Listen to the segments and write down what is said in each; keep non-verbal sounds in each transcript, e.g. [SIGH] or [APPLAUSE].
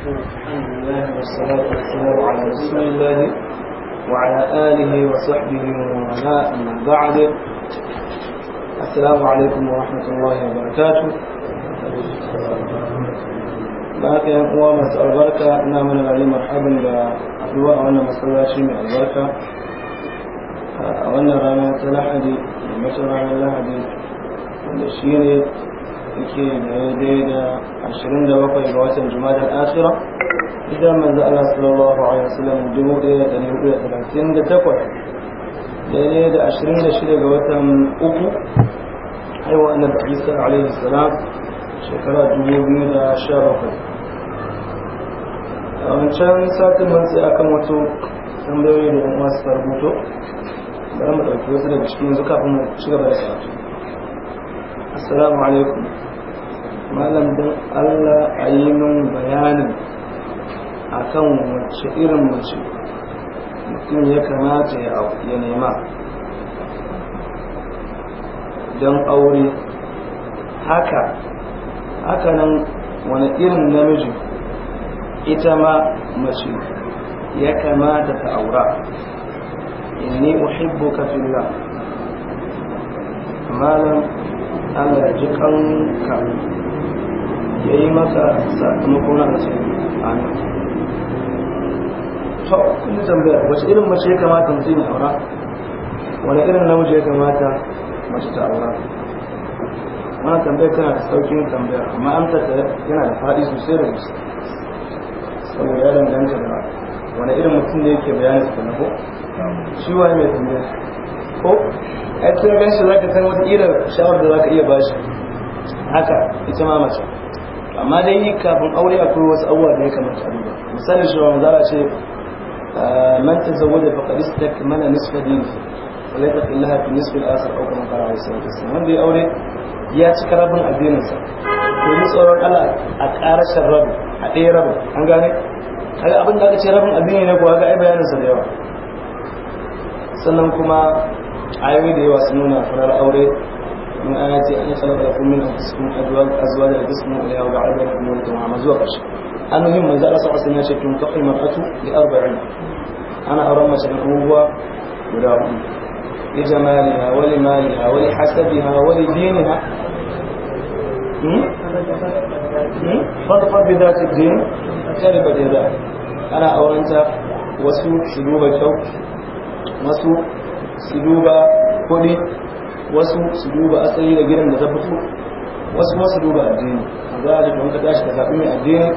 الحمد الله وعلى آله وصحبه ومن والاه بعد السلام عليكم ورحمة الله وبركاته بارك يا مسأل البركة أنا من العلي مرحبا بأدواء وأنا مسألة شيء البركة وأنا رانا تلحدي مشرع لحدي wanda shi yake daidai da bakwai ga watan jumadar ashira idan manzo Allah sallallahu alaihi wasallam 1438 daidai da ashirin da 26 ga watan uku haiwa da Isa alaihi salam shekara dubu da 2017 a wancan satin mun sai kan wato tambayoyi da masu wasu rubuto bari mu ɗauki wasu daga cikin yanzu kafin mu ci gaba da karatu assalamu alaikum malam don allah a yi min bayanin akan wacce irin mace mutum ya kamata ya nema don aure haka hakanan wani irin namiji ita ma mace ya kamata ta aura inni uhibbuka fillah malam Allah ya ji kanka ya yi masa sakamakon rasu amin to kun yi tambaya wasu irin mace ya kamata mutum ya aura wani irin namiji ya kamata mace ta aura wani tambaya tana da saukin tambaya amma an ta yana da faɗi sosai da musu sau ya danganta da wani irin mutum ne yake bayanin su da nako shi waye mai tambaya ko ai tun gan shi zaka san wata kila shawar da ka iya bashi haka ita ma mace amma dai kafin aure akwai wasu abubuwa da ya kamata a duba misali shi wani zara ce ah, man tazawwaja faqad istakmala nisfa dinihi wa la taqillaha da nisfi al-akhar aw fara qala Isa wanda ya aure ya cika rabin addininsa domin tsoron ala a ƙarashin rabin a ɗaya rabin an gane kaga abin da aka ce rabin addini ne kuwa ga ai bayaninsa da yawa sannan kuma ayoyi da yawa sun nuna farar aure kuma an yace an tsara da kuma min cikin azwa azwa da bismu ya ga arba'in kuma da ma'ama zuwa kashi an muhim manzo Allah sallallahu alaihi tun kafin mafatu bi arba'in ana auren mace da uwa guda hudu li jamaliha wali li maliha wa li hasabiha wa li dinha hmm, hmm? fa da ta wasu kyau su duba kuɗi wasu su duba asali da gidan da ta fito wasu masu duba addini za a jikin ka shi ka zaɓi mai addini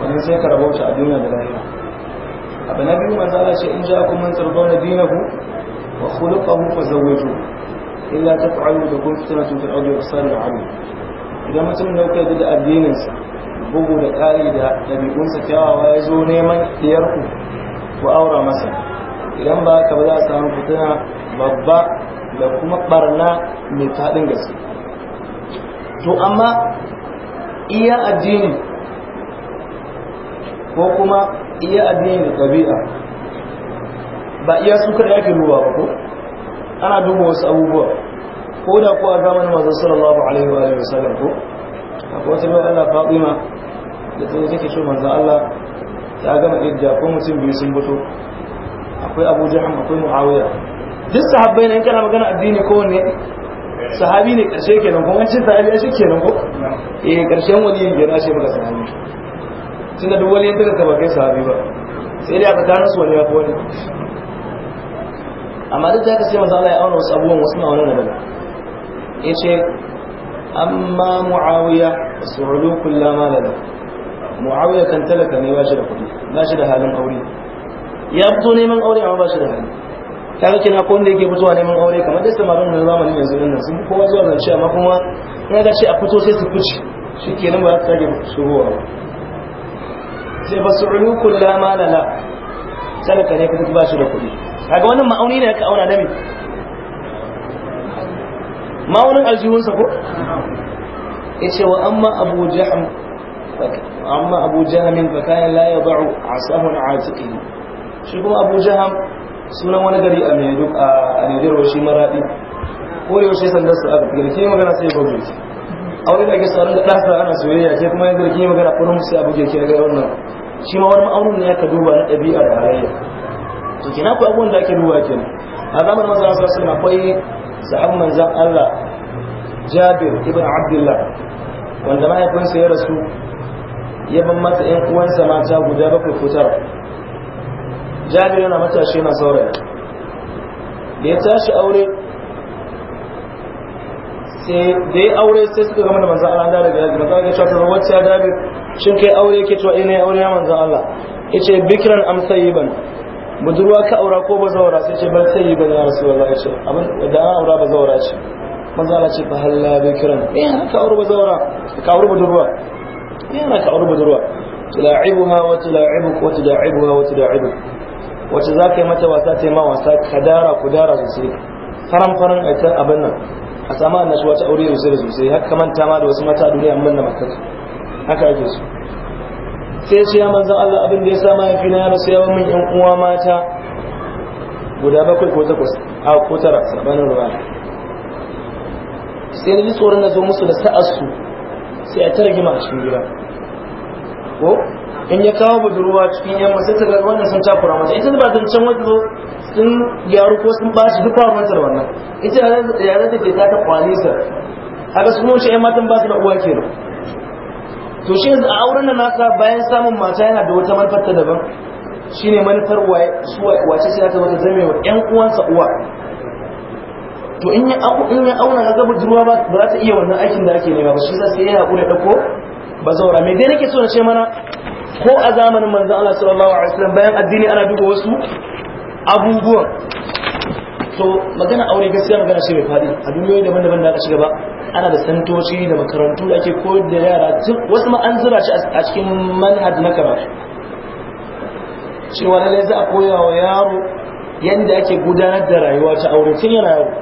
wani sai ka rabauta a duniya da lahira abu na biyu masu ala ce in ja ku man tsarbar da dinahu wa ku zaune ku illa taf'alu da kun fitina tun fir'auni wa sani da abu idan mutum na kai da addininsa bugu da ƙari da ɗabi'unsa kyawawa ya zo neman iyarku, ku aura masa idan ba ka ba za a samu fitina babba da kuma barna mai faɗin gaske to amma iya addini ko kuma iya addini da ɗabi'a ba iya su kada ake duba ba ko ana duba wasu abubuwa ko da ko a zamanin masu sallallahu alaihi wa sallam ko a wata mai Allah Fatima da ta take shi manzan Allah ta gama idda ko mutum biyu sun fito akwai abu jaham akwai muawiya duk sahabbai ne kana magana addini ko wanne sahabi ne karshe kenan kuma an ce sahabi a shi kenan ko eh karshen wani yin jira shi maka sahabi tun da duk wani yantar ka bakai sahabi ba sai dai a tsakanin su wani ya fi wani amma duk da ka ce maza Allah ya auna wasu abubuwan wasu na wani daga ya ce amma muawiya su hudu kullama da muawiya kan talaka ne ba shi da kuɗi ba shi da halin aure ya fito neman aure amma ba shi da hali kaga kina ko wanda yake fitowa neman aure kamar da samarin na zamanin yanzu nan sun kowa zuwa zance amma kuma ya ga ce a fito sai su fice kenan ba za ta sake shigowa ba sai ba su ulu kulla ma la sadaka ne kuma ba shi da kuɗi kaga wannan ma'auni ne aka auna da me ma'aunin aljihunsa ko ce wa amma abu jahm amma abu jahmin fa kana la yad'u asahu an shi kuma abu jiham sunan wani gari a maiduguri shi maraɗi ko da yaushe sandar su aka girki magana sai gwamnati a aure da ake sauran da ɗasa ana soyayya ke kuma yin girki magana ko nan sai abu ke daga wannan shi ma wani ma'aunin ne aka duba na ɗabi'a da halayya to kina ku abubuwan da ake duba ke a zamanin manzon sallallahu alaihi wasallam akwai sahabban zan Allah Jabir ibn Abdullah wanda mahaifinsa ya rasu ya ban mata 'yan uwansa mata guda bakwai ko jabir yana matashi yana saurayi da ya tashi aure sai da ya aure sai suka gama da manzan Allah daga yaji da kaga cewa ta wacce ya jabir shin kai aure yake cewa ina aure ya manzan Allah bikiran amsa yi ban, budurwa ka aura ko ba zaura sai ce bar sayyiban ya rasulullah yace abin da an aura ba zaura ce manzan Allah ce fa halla bikiran, eh ka aure ba zaura ka aure budurwa eh ka aure budurwa tula'ibuha wa tula'ibuka wa tula'ibuha wa tula'ibuka wacce za ka yi mata wasa ta yi ma wasa ka dara ku dara sosai faran faran a ta abin nan a samu annashuwa ta aure sosai da sosai haka manta ma da wasu mata duniya mun da matar haka ake so sai ce ya manzan Allah abin da ya sa mahaifi na ya rasu ya min yan uwa mata guda bakwai ko takwas a ko tara sabanin ruwa sai na ji tsoron na zo musu da sa'arsu sai a tara gima a cikin gida ko in ya kawo budurwa cikin yamma sai ta wannan sun takura mata ita ba zancen wata zo sun gyaru ko sun bashi duk ba ruwantar wannan ita yare da ke ta ta sa, haka su mun shi yan matan ba su da uwa kenan to shi yanzu a auren nan nasa bayan samun mata yana da wata manufar ta daban shine manufar wace sai ta wata zame wa yan uwansa uwa to in ya auna ga budurwa ba za ta iya wannan aikin da ake nema ba shi sai ya haƙura ɗauko ba zaura me dai nake so na ce mana ko a zamanin manzon Allah sallallahu alaihi wasallam bayan addini ana duba wasu abubuwan to magana aure gaskiya magana ce mai faɗi a duniyoyi daban-daban da aka shiga ba ana da santoci da makarantu da ake koyar da yara wasu ma zura shi a cikin manhaj na karatu cewa lallai za a koya wa yaro yadda ake gudanar da rayuwa ta aure tun yana yaro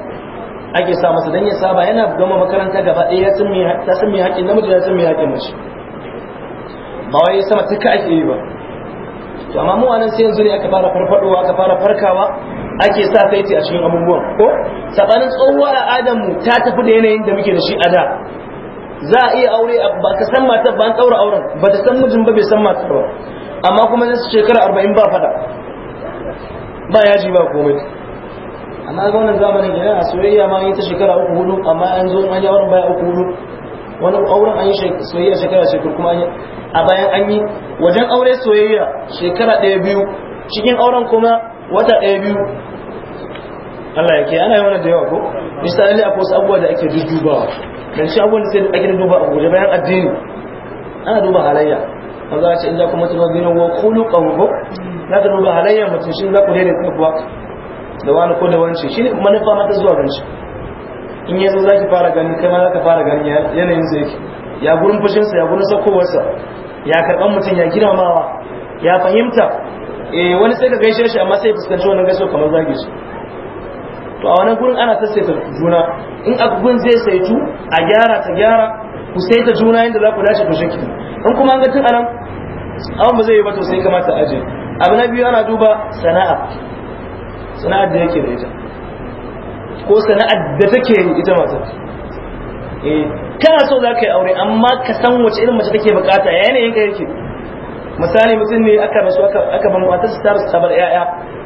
ake sa masa dan ya saba yana gama makaranta gaba ɗaya ya san me haƙƙin namiji ya san me haƙƙin mace ba wai sama ta ka ake yi ba to amma mu anan sai yanzu ne aka fara farfadowa aka fara farkawa ake sa saiti a cikin abubuwan ko sabanin tsohuwar adamu ta tafi da yanayin da muke da shi a da za a iya aure ba ka san mata ba an tsaura auren ba ta san mijin ba bai san mata ba amma kuma zai su shekara arba'in ba fada ba yaji ba komai amma ga wannan zamanin yana a soyayya ma yi ta shekara uku hudu amma an zo an yi auren baya uku hudu wani auren an yi soyayya shekara shekaru kuma a bayan an yi wajen aure soyayya shekara ɗaya biyu cikin auren kuma wata ɗaya biyu Allah ya ke ana yi wani da yawa ko misali akwai wasu abubuwa da ake dubawa dan shi abubuwan da sai ake duba a guje bayan addini ana duba halayya a ce in za ku mutu ba biyu wa kulu ko, za ka duba halayya mutum shi za ku daidai kuwa da wani ko da shi ne manufa mata zuwa ganci in yazo zaki fara ganin kai ma ka fara ganin yanayin zai ki ya gurin fushinsa ya gurin sakowarsa ya karɓar mutum ya girmamawa ya fahimta eh, wani sai ka gaishe shi amma sai ya fuskanci wannan gaisuwa kamar zagi shi to a wani gurin ana sassaita juna in abubuwan zai saitu a gyara ta gyara ku saita juna yadda za ku dace ku shakki in kuma an ga tun anan abin ba zai yi ba to sai kamata aje abu na biyu ana duba sana'a sana'ar da yake da ita ko sana'ar da take yi ita matar eh, kana so za ka yi aure amma ka san wace irin mace take bukata ya yanayin ka yake misali mutum ne aka rasu aka ban wata su tara su tabar yaya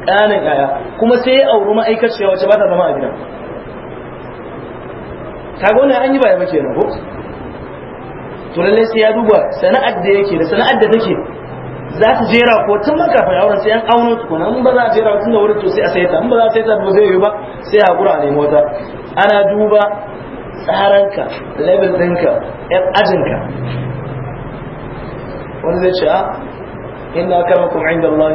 ƙananan yaya kuma sai ya auri ma'aikaciya wace ba ta zama a gidan kaga wannan an yi baya ba kenan ko to lalle sai ya duba sana'ar da yake da sana'ar da take za su jera ko tun man kafin auren sai an auno tukuna nan ba za a jera tun da wurin to sai a saita in ba za a saita ba zai yi ba sai a gura ne mota ana duba tsaranka level ɗinka yan ajinka wani zai ce a ah, inna karamakum inda Allah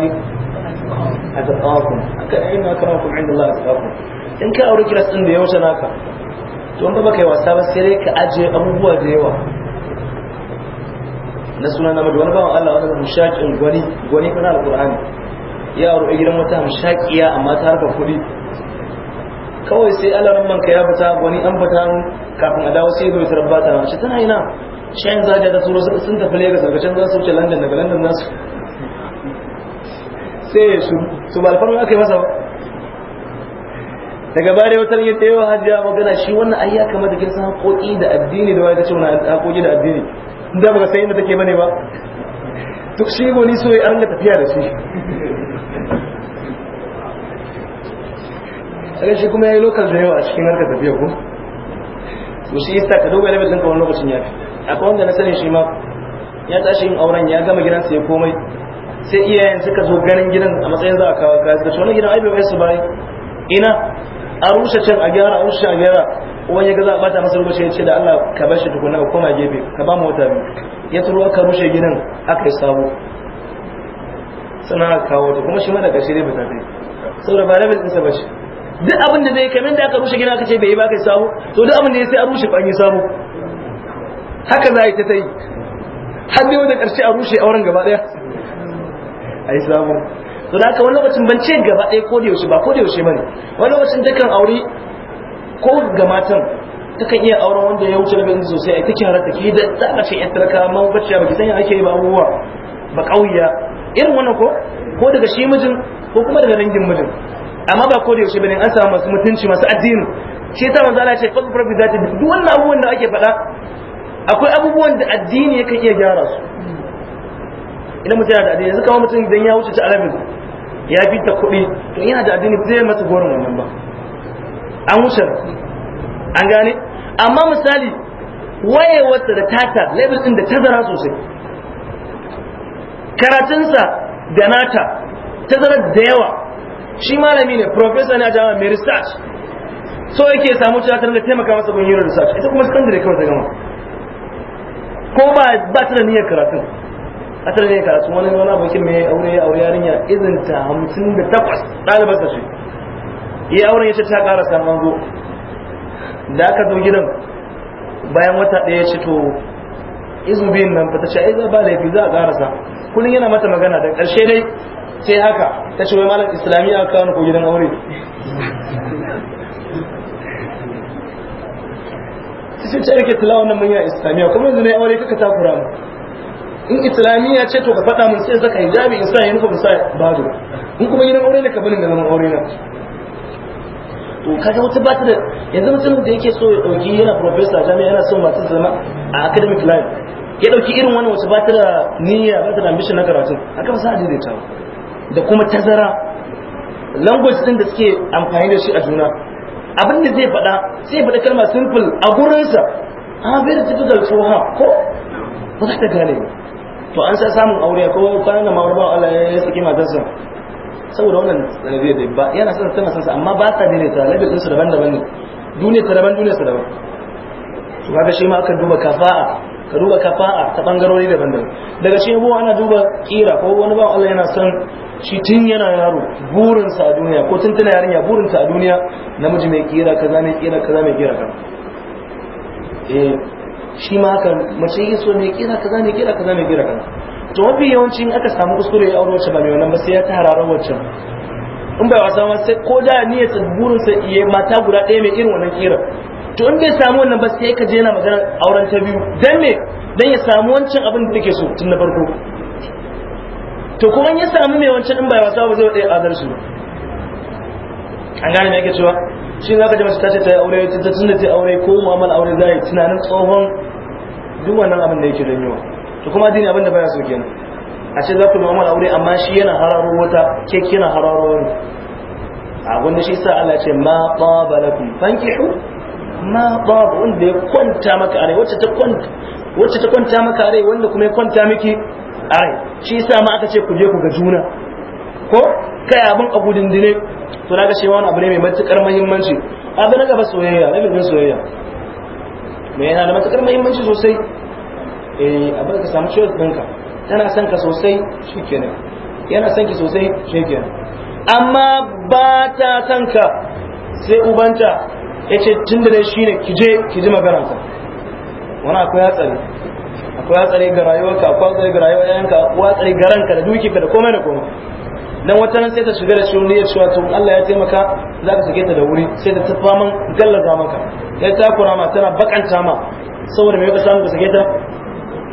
a taɓakun aka inna karamakum inda Allah a taɓakun in ka aure kiras ɗin da ya wuce naka to in ba ka yi wasa ba sai dai ka ajiye abubuwa da yawa na suna na madu wani bawan Allah wani hamshakin gwani gwani kana alkur'ani ya aure gidan wata hamshakiya amma ta harfa kuɗi kawai sai Allah alarin manka ya fita gwani an fita kafin a dawo sai bai tarar ba ta mace tana ina shayin zaga da tsoro sun tafi lagos daga za su wuce london daga london nasu sai ya shuru su ba alfarma aka yi masa ba daga bari wutar ya ta yawa hajjiya magana shi wannan ayyaka madakin sun haƙoƙi da addini da wani ta ce wani haƙoƙi da addini da ba sai inda take bane ba duk shi goni so ya ringa tafiya da shi kaga shi kuma yayi lokal da yawa a cikin harkar tafiya ko to shi yasa ka dogo rabin ka wani lokacin ya fi. akwai wanda na sani shi ma ya tashi yin auren ya gama sa ya komai sai iyayen suka zo ganin gidan a matsayin za a kawo kayan suka ce wani gidan ai bai su bai ina a rushe can a gyara a rushe a gyara wani ga za bata masa rubuce ya ce da Allah ka bar shi tukuna ka koma gefe ka ba mu wata biyu ya turo ka rushe ginin aka yi sabo sana kawo ta kuma shi ma da kashi dai bata ta saboda ba rabin sa ba duk abin da zai kamar da aka rushe ginin aka ce bai yi ba ka yi sabo to duk abin da ya sai a rushe an yi sabo haka za a yi ta ta yi har dai wani karshe a rushe auren gaba daya a yi sabo to da haka wani lokacin ban ce gaba daya ko da yaushe ba ko da yaushe ba ne wani lokacin dukkan aure ko ga matan kan iya auren wanda ya wuce daga sosai ai take harata ki da tsaka ce yar talaka ma bacciya ki san ake yi ba abubuwa ba kauya irin wannan ko ko daga shi mijin ko kuma daga dangin mijin amma ba ko da yaushe bane an samu masu mutunci masu addini shi ta manzo Allah ya ce fadfar bi zati duk wannan abubuwan da ake faɗa akwai abubuwan da addini yake iya gyara su idan mutum yana da addini yanzu kama mutum idan ya wuce ta alamin ya fi ta kuɗi to yana da addini zai masa goron wannan ba an wuce an gane amma misali wayewarsa da tata level ɗin da tazara sosai karatunsa da nata tazara da yawa shi malami ne professor ne a jami'a mai research so yake samu cewa ta taimaka masa gun yin research ita kuma secondary kawai ta gama ko ba ba ta da niyyar karatu a ta da niyyar karatu wani wani abokin mai aure aure yarinya izinta hamsin da takwas ɗalibarsa shi iya auren ya ce ta karasa mango da aka zo gidan bayan wata ɗaya ya ce to izu biyun nan ta ce ai za ba laifi za a karasa kullum yana mata magana da ƙarshe dai sai haka ta ce wai malam islamiyya aka kawo ko gidan aure sai ce rike tilawa nan manya islamiyya kuma yanzu ne aure kaka takura mu in islamiyya ce to ka faɗa mun sai zaka hijabi in sa yi musa ba bado in kuma gidan aure ne ka bani da zaman aure na to kaga wata ba ta da yanzu mutum da yake so ya dauki yana professor jami'a yana son masu zama a academic life ya dauki irin wannan wata ba ta da niyya ba ta da ambition na karatu haka ba sa daidaita da kuma tazara language din da suke amfani da shi a juna abin da zai faɗa sai ya faɗa kalma simple a gurinsa a very difficult to ha, ko ba za ta gane to an sa samun aure ko kwanan da mawar ba Allah ya saki matarsa saboda wannan sanadiyar da ba yana son tana sansa amma ba sa daidaita level ɗinsu daban-daban ne duniya ta daban duniya su daban to kaga shi ma aka duba kafa'a ka duba kafa'a ta bangarori daban-daban daga shi ko ana duba kira ko wani ba Allah yana son shi tun yana yaro burinsa a duniya ko tun tana yarinya burinsa a duniya namiji mai kira kaza mai kira kaza mai kira kaza eh shi ma haka mace yi so mai kira kaza mai kira kaza mai kira kaza to mafi yawancin aka samu kuskure ya aure wacce ba mai wannan ba sai ya ta hararar wacce in bai wasa ma sai ko da ya burin sa iya mata guda ɗaya mai irin wannan kira to in bai samu wannan ba sai ka je yana magana auren ta biyu dan me dan ya samu wancan abin da take so tun na farko to kuma in ya samu mai wancan in bai wasa ba zai ɗaya adalci ba an gane me yake cewa shi za ka ji mace ta ce ta yi aure ta tun da ta aure ko mu'amala aure za yi tunanin tsohon duk wannan abin da yake janyowa to kuma dini abin da baya so kenan a ce za ku mu'amala aure amma shi yana hararo wata ke kina hararo wani a da shi sa Allah ce ma taba lakum fankihu ma taba wanda ya kwanta maka a wacce ta kwanta wacce ta kwanta maka a wanda kuma ya kwanta miki ai. shi sa ma aka ce ku je ku ga juna ko kai abin abu dindine to na ga shi wani abu ne mai matukar muhimmanci abin na gaba soyayya rabin soyayya mai yana da matukar muhimmanci sosai Eh, abin ka samu ciwon ɗinka tana son ka sosai shi kenan yana son ki sosai shi kenan amma ba ta son ka sai ubanta ya ce tun da dai shine ki je ki ji maganarsa wani akwai hatsari akwai hatsari ga rayuwarka akwai hatsari ga rayuwar yanka akwai hatsari ga ranka da dukiyarka da komai da komai dan wata nan sai ta shiga da shirin ya cewa to Allah ya taimaka za ka sake ta da wuri sai ta tafa man gallaza maka sai ta kura ma tana bakanta ma saboda me ka samu ka sake ta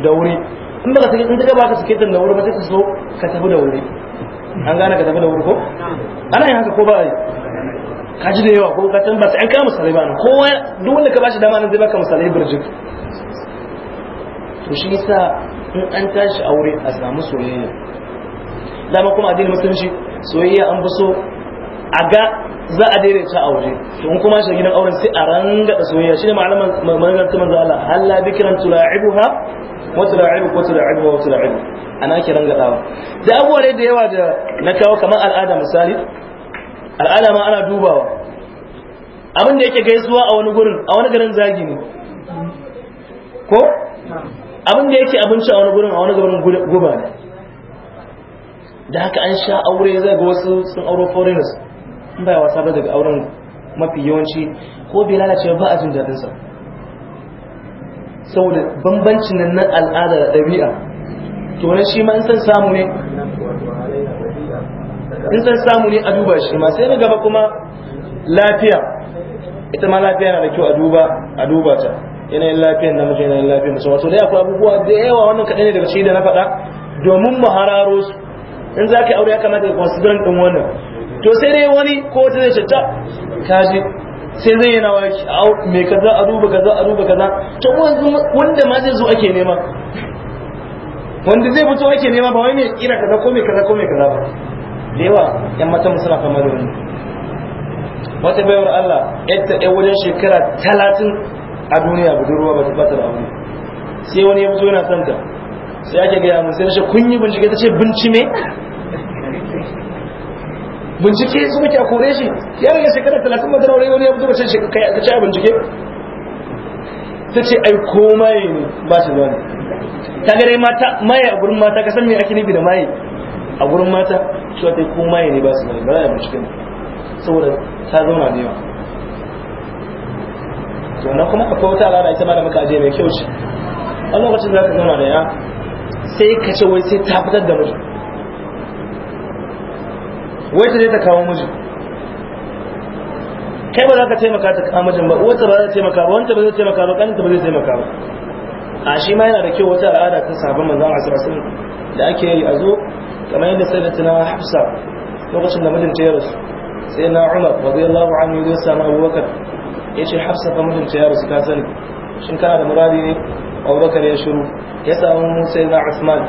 da wuri in ba ka sake in ta ka ta da wuri ba sai ka so ka tafi da wuri an gane ka tafi da wuri ko ana yin haka ko ba yi ka ji da yawa ko ka sai an kama misalai ba ko duk wanda ka bashi dama nan zai baka misalai birjik to shi yasa in an tashi aure a samu soyayya dama kuma addinin musulunci soyayya an fi so a ga za a a aure to in kuma shi gidan auren sai a ranga da soyayya shine malaman manzon manzo Allah halla bikran tula'ibuha watula ilm watula ilm watula ilm ana kiran dawa da abubuwa da yawa da na kawo kamar al'ada misali al'ada ma ana dubawa abin da yake gaisuwa a wani gurin a wani garin zagi ne ko abin da yake abinci a wani gurin a wani gurin guba ne da haka an sha aure zai ga wasu sun auro foreigners in ba wasa ba daga auren mafi yawanci ko bai lalace ba a jin daɗinsa saboda bambancin nan na al'ada da ɗabi'a to na shi ma in san samu ne in san samu ne a duba shi ma sai na gaba kuma lafiya ita ma lafiya na da kyau a duba a duba ta yanayin lafiyar namiji yanayin lafiyar musamman to dai akwai abubuwa da yawa wannan kaɗai ne daga shi da na faɗa domin mu hararo su in za ka aure ya kamata ka consider ɗin wannan to sai dai wani ko ta zai ta kaji sai zai yana wa shi a mai kaza a duba kaza a duba kaza to wanda ma zai zo ake nema wanda zai fito ake nema ba wai mai kira kaza ko mai kaza ko mai kaza ba da yawa yan matan suna kamar da wani wata bayar Allah yadda ɗaya wajen shekara talatin a duniya budurwa ba ta fata da aure sai wani ya fito yana santa sai ake gaya mun sai na ce kun yi bincike ta ce bincime bincike su muke a kore shi ya rage shekara talatin madara wani wani ya fito mace kai aka ci a bincike ta ce ai ko maye ne ba shi zuwa ta gare mata maye a gurin mata ka san me ake nufi da maye a gurin mata shi wata ko maye ne ba su zuwa ba za a bincike ne saboda ta zauna da yawa to kuma akwai wata al'ada ita ma da muka aje mai kyau ce a lokacin za ka zauna da ya sai ka ce wai sai ta fitar da mutum wai ta je ta kawo miji. kai ba za ka taimaka ta kawo mijin ba wata ba za ta taimaka ba wanta ba zai taimaka ba kaninta ba zai taimaka ba a shi ma yana da kyau wata al'ada ta sabon manzon a sarasin da ake yi a zo kamar yadda sai da tunawa hafsa lokacin da mijinta ta rasu sai na umar radiyallahu anhu ya samu abubakar ya ce hafsa fa ta ya su ka sani shin kana da muradi ne abubakar ya shiru ya samu sai na usman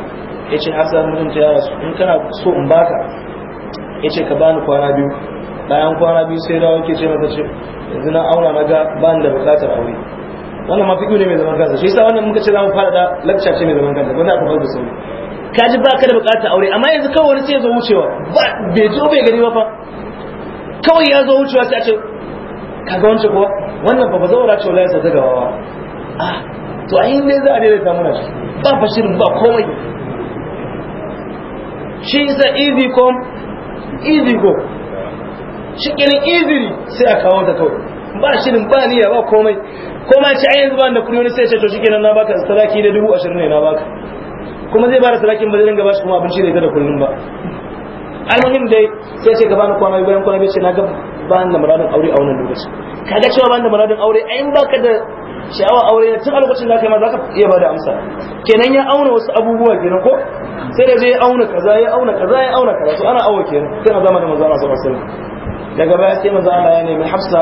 ya ce hafsa ta ya su, in kana so in baka yace ka bani kwana biyu bayan kwana biyu sai dawo ke ce mata ce yanzu na aura na ga bani da bukatar aure wannan ma fiƙi ne mai zaman kansa shi yasa wannan muka ce za mu fara da lakca ce mai zaman kansa wanda aka fara da sauri ka ji ba ka da bukatar aure amma yanzu kawai wani sai ya zo wucewa ba bai ji bai gani ba fa kawai ya zo wucewa sai a ce Ka ga wancan kuwa wannan fa ba zaura ce wallahi sai ta gawawa ah to a yin dai za a daidaita muna shi ba fashirin ba komai shi yasa easy com easy go shikenan easily sai a kawo ta kawai ba shirin ba niyya ba komai komai ce ai yanzu ba da kuɗi wani sai ce to kenan na baka salaki da dubu ashirin ne na baka kuma zai bada sadakin ba zai dinga shi kuma abinci da ita da kullum ba almuhim dai sai ce gaba na kwana bayan kwana bai ce na ga ba da muradin aure a wannan lokaci kaga cewa ba da muradin aure ai baka da sha'awa aure tun a lokacin da kai ma za ka iya ba da amsa kenan ya auna wasu abubuwa kenan ko sai da zai auna kaza ya auna kaza ya auna kaza to ana awa kenan sai na zama da manzo Allah sallallahu alaihi wasallam daga baya sai manzo Allah ya nemi Hafsa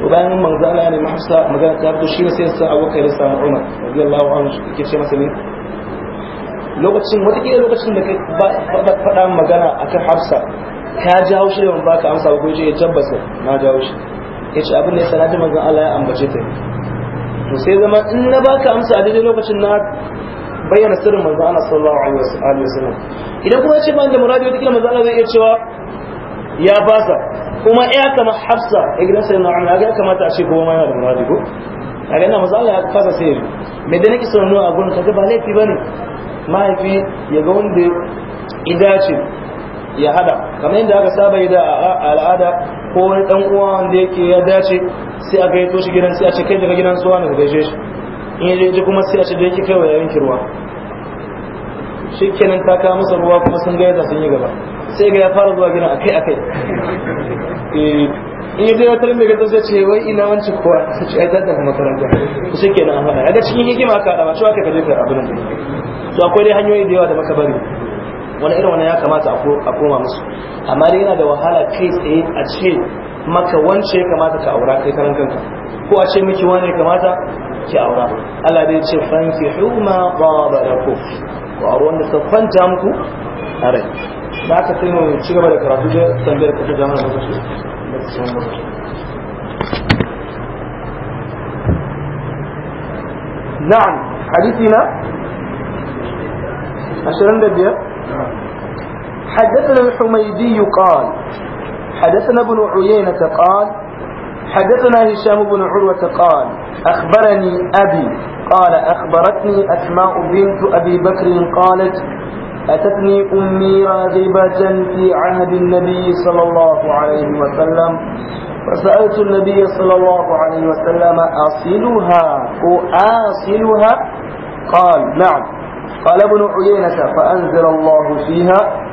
to bayan manzo Allah ya nemi Hafsa magana ta fito shi sai sa Abu Bakar samu Umar radiyallahu anhu yake ce masa ne lokacin wata kila lokacin da ka faɗa magana akan Hafsa ka jawo shi da ban baka amsa ba ko je ya eh tabbasa na jawo shi yace abin da ya da manzo Allah ya ambace ta to sai zama in na baka amsa a daidai lokacin na bayyana sirrin manzo Allah sallallahu alaihi wasallam idan kuma ce ban da muradi wata kila manzo Allah zai iya cewa ya basa kuma ya kama Hafsa ya gidan sai na Umar ya kamata a ce ko ma yana da muradi ko ga ina manzo Allah ya fasa sai me da nake son nuna a gurin ga ba laifi bane mahaifi ya ga wanda ya ce ya hada kamar yadda aka saba da al'ada ko wani dan uwa wanda yake ya dace sai a gaito shi gidan sai a ce kai daga gidan suwa ne da gaishe shi in yaje ji kuma sai a ce da yake kaiwa yayin kirwa shi kenan ta kawo masa ruwa kuma sun gaya sun yi gaba sai ga ya fara zuwa gidan akai akai eh, in yaje ya tarin daga zai ce wai ina wancan kowa? su ce ai zata makaranta shi kenan an faɗa daga cikin hikima aka hada ba cewa ka kaje ka abin da to akwai dai hanyoyi da yawa da maka bari wani irin wani ya kamata a koma musu amma dai yana da wahala kai tsaye a ce maka wance ya kamata ka aura kai karan kanka ko a ce miki wani ya kamata ki aura Allah dai ce fanki huma qaba lakum ku aure wanda ka kwanta muku are da ka sai mu ci gaba da karatu da tambayar ka ta jama'a da kashi na'am hadisi na 25 حدثنا الحميدي قال حدثنا ابن عيينة قال حدثنا هشام بن عروة قال أخبرني أبي قال أخبرتني أسماء بنت أبي بكر قالت أتتني أمي راغبة في عهد النبي صلى الله عليه وسلم فسألت النبي صلى الله عليه وسلم أصلها أصلها قال نعم قال ابن عيينة فأنزل الله فيها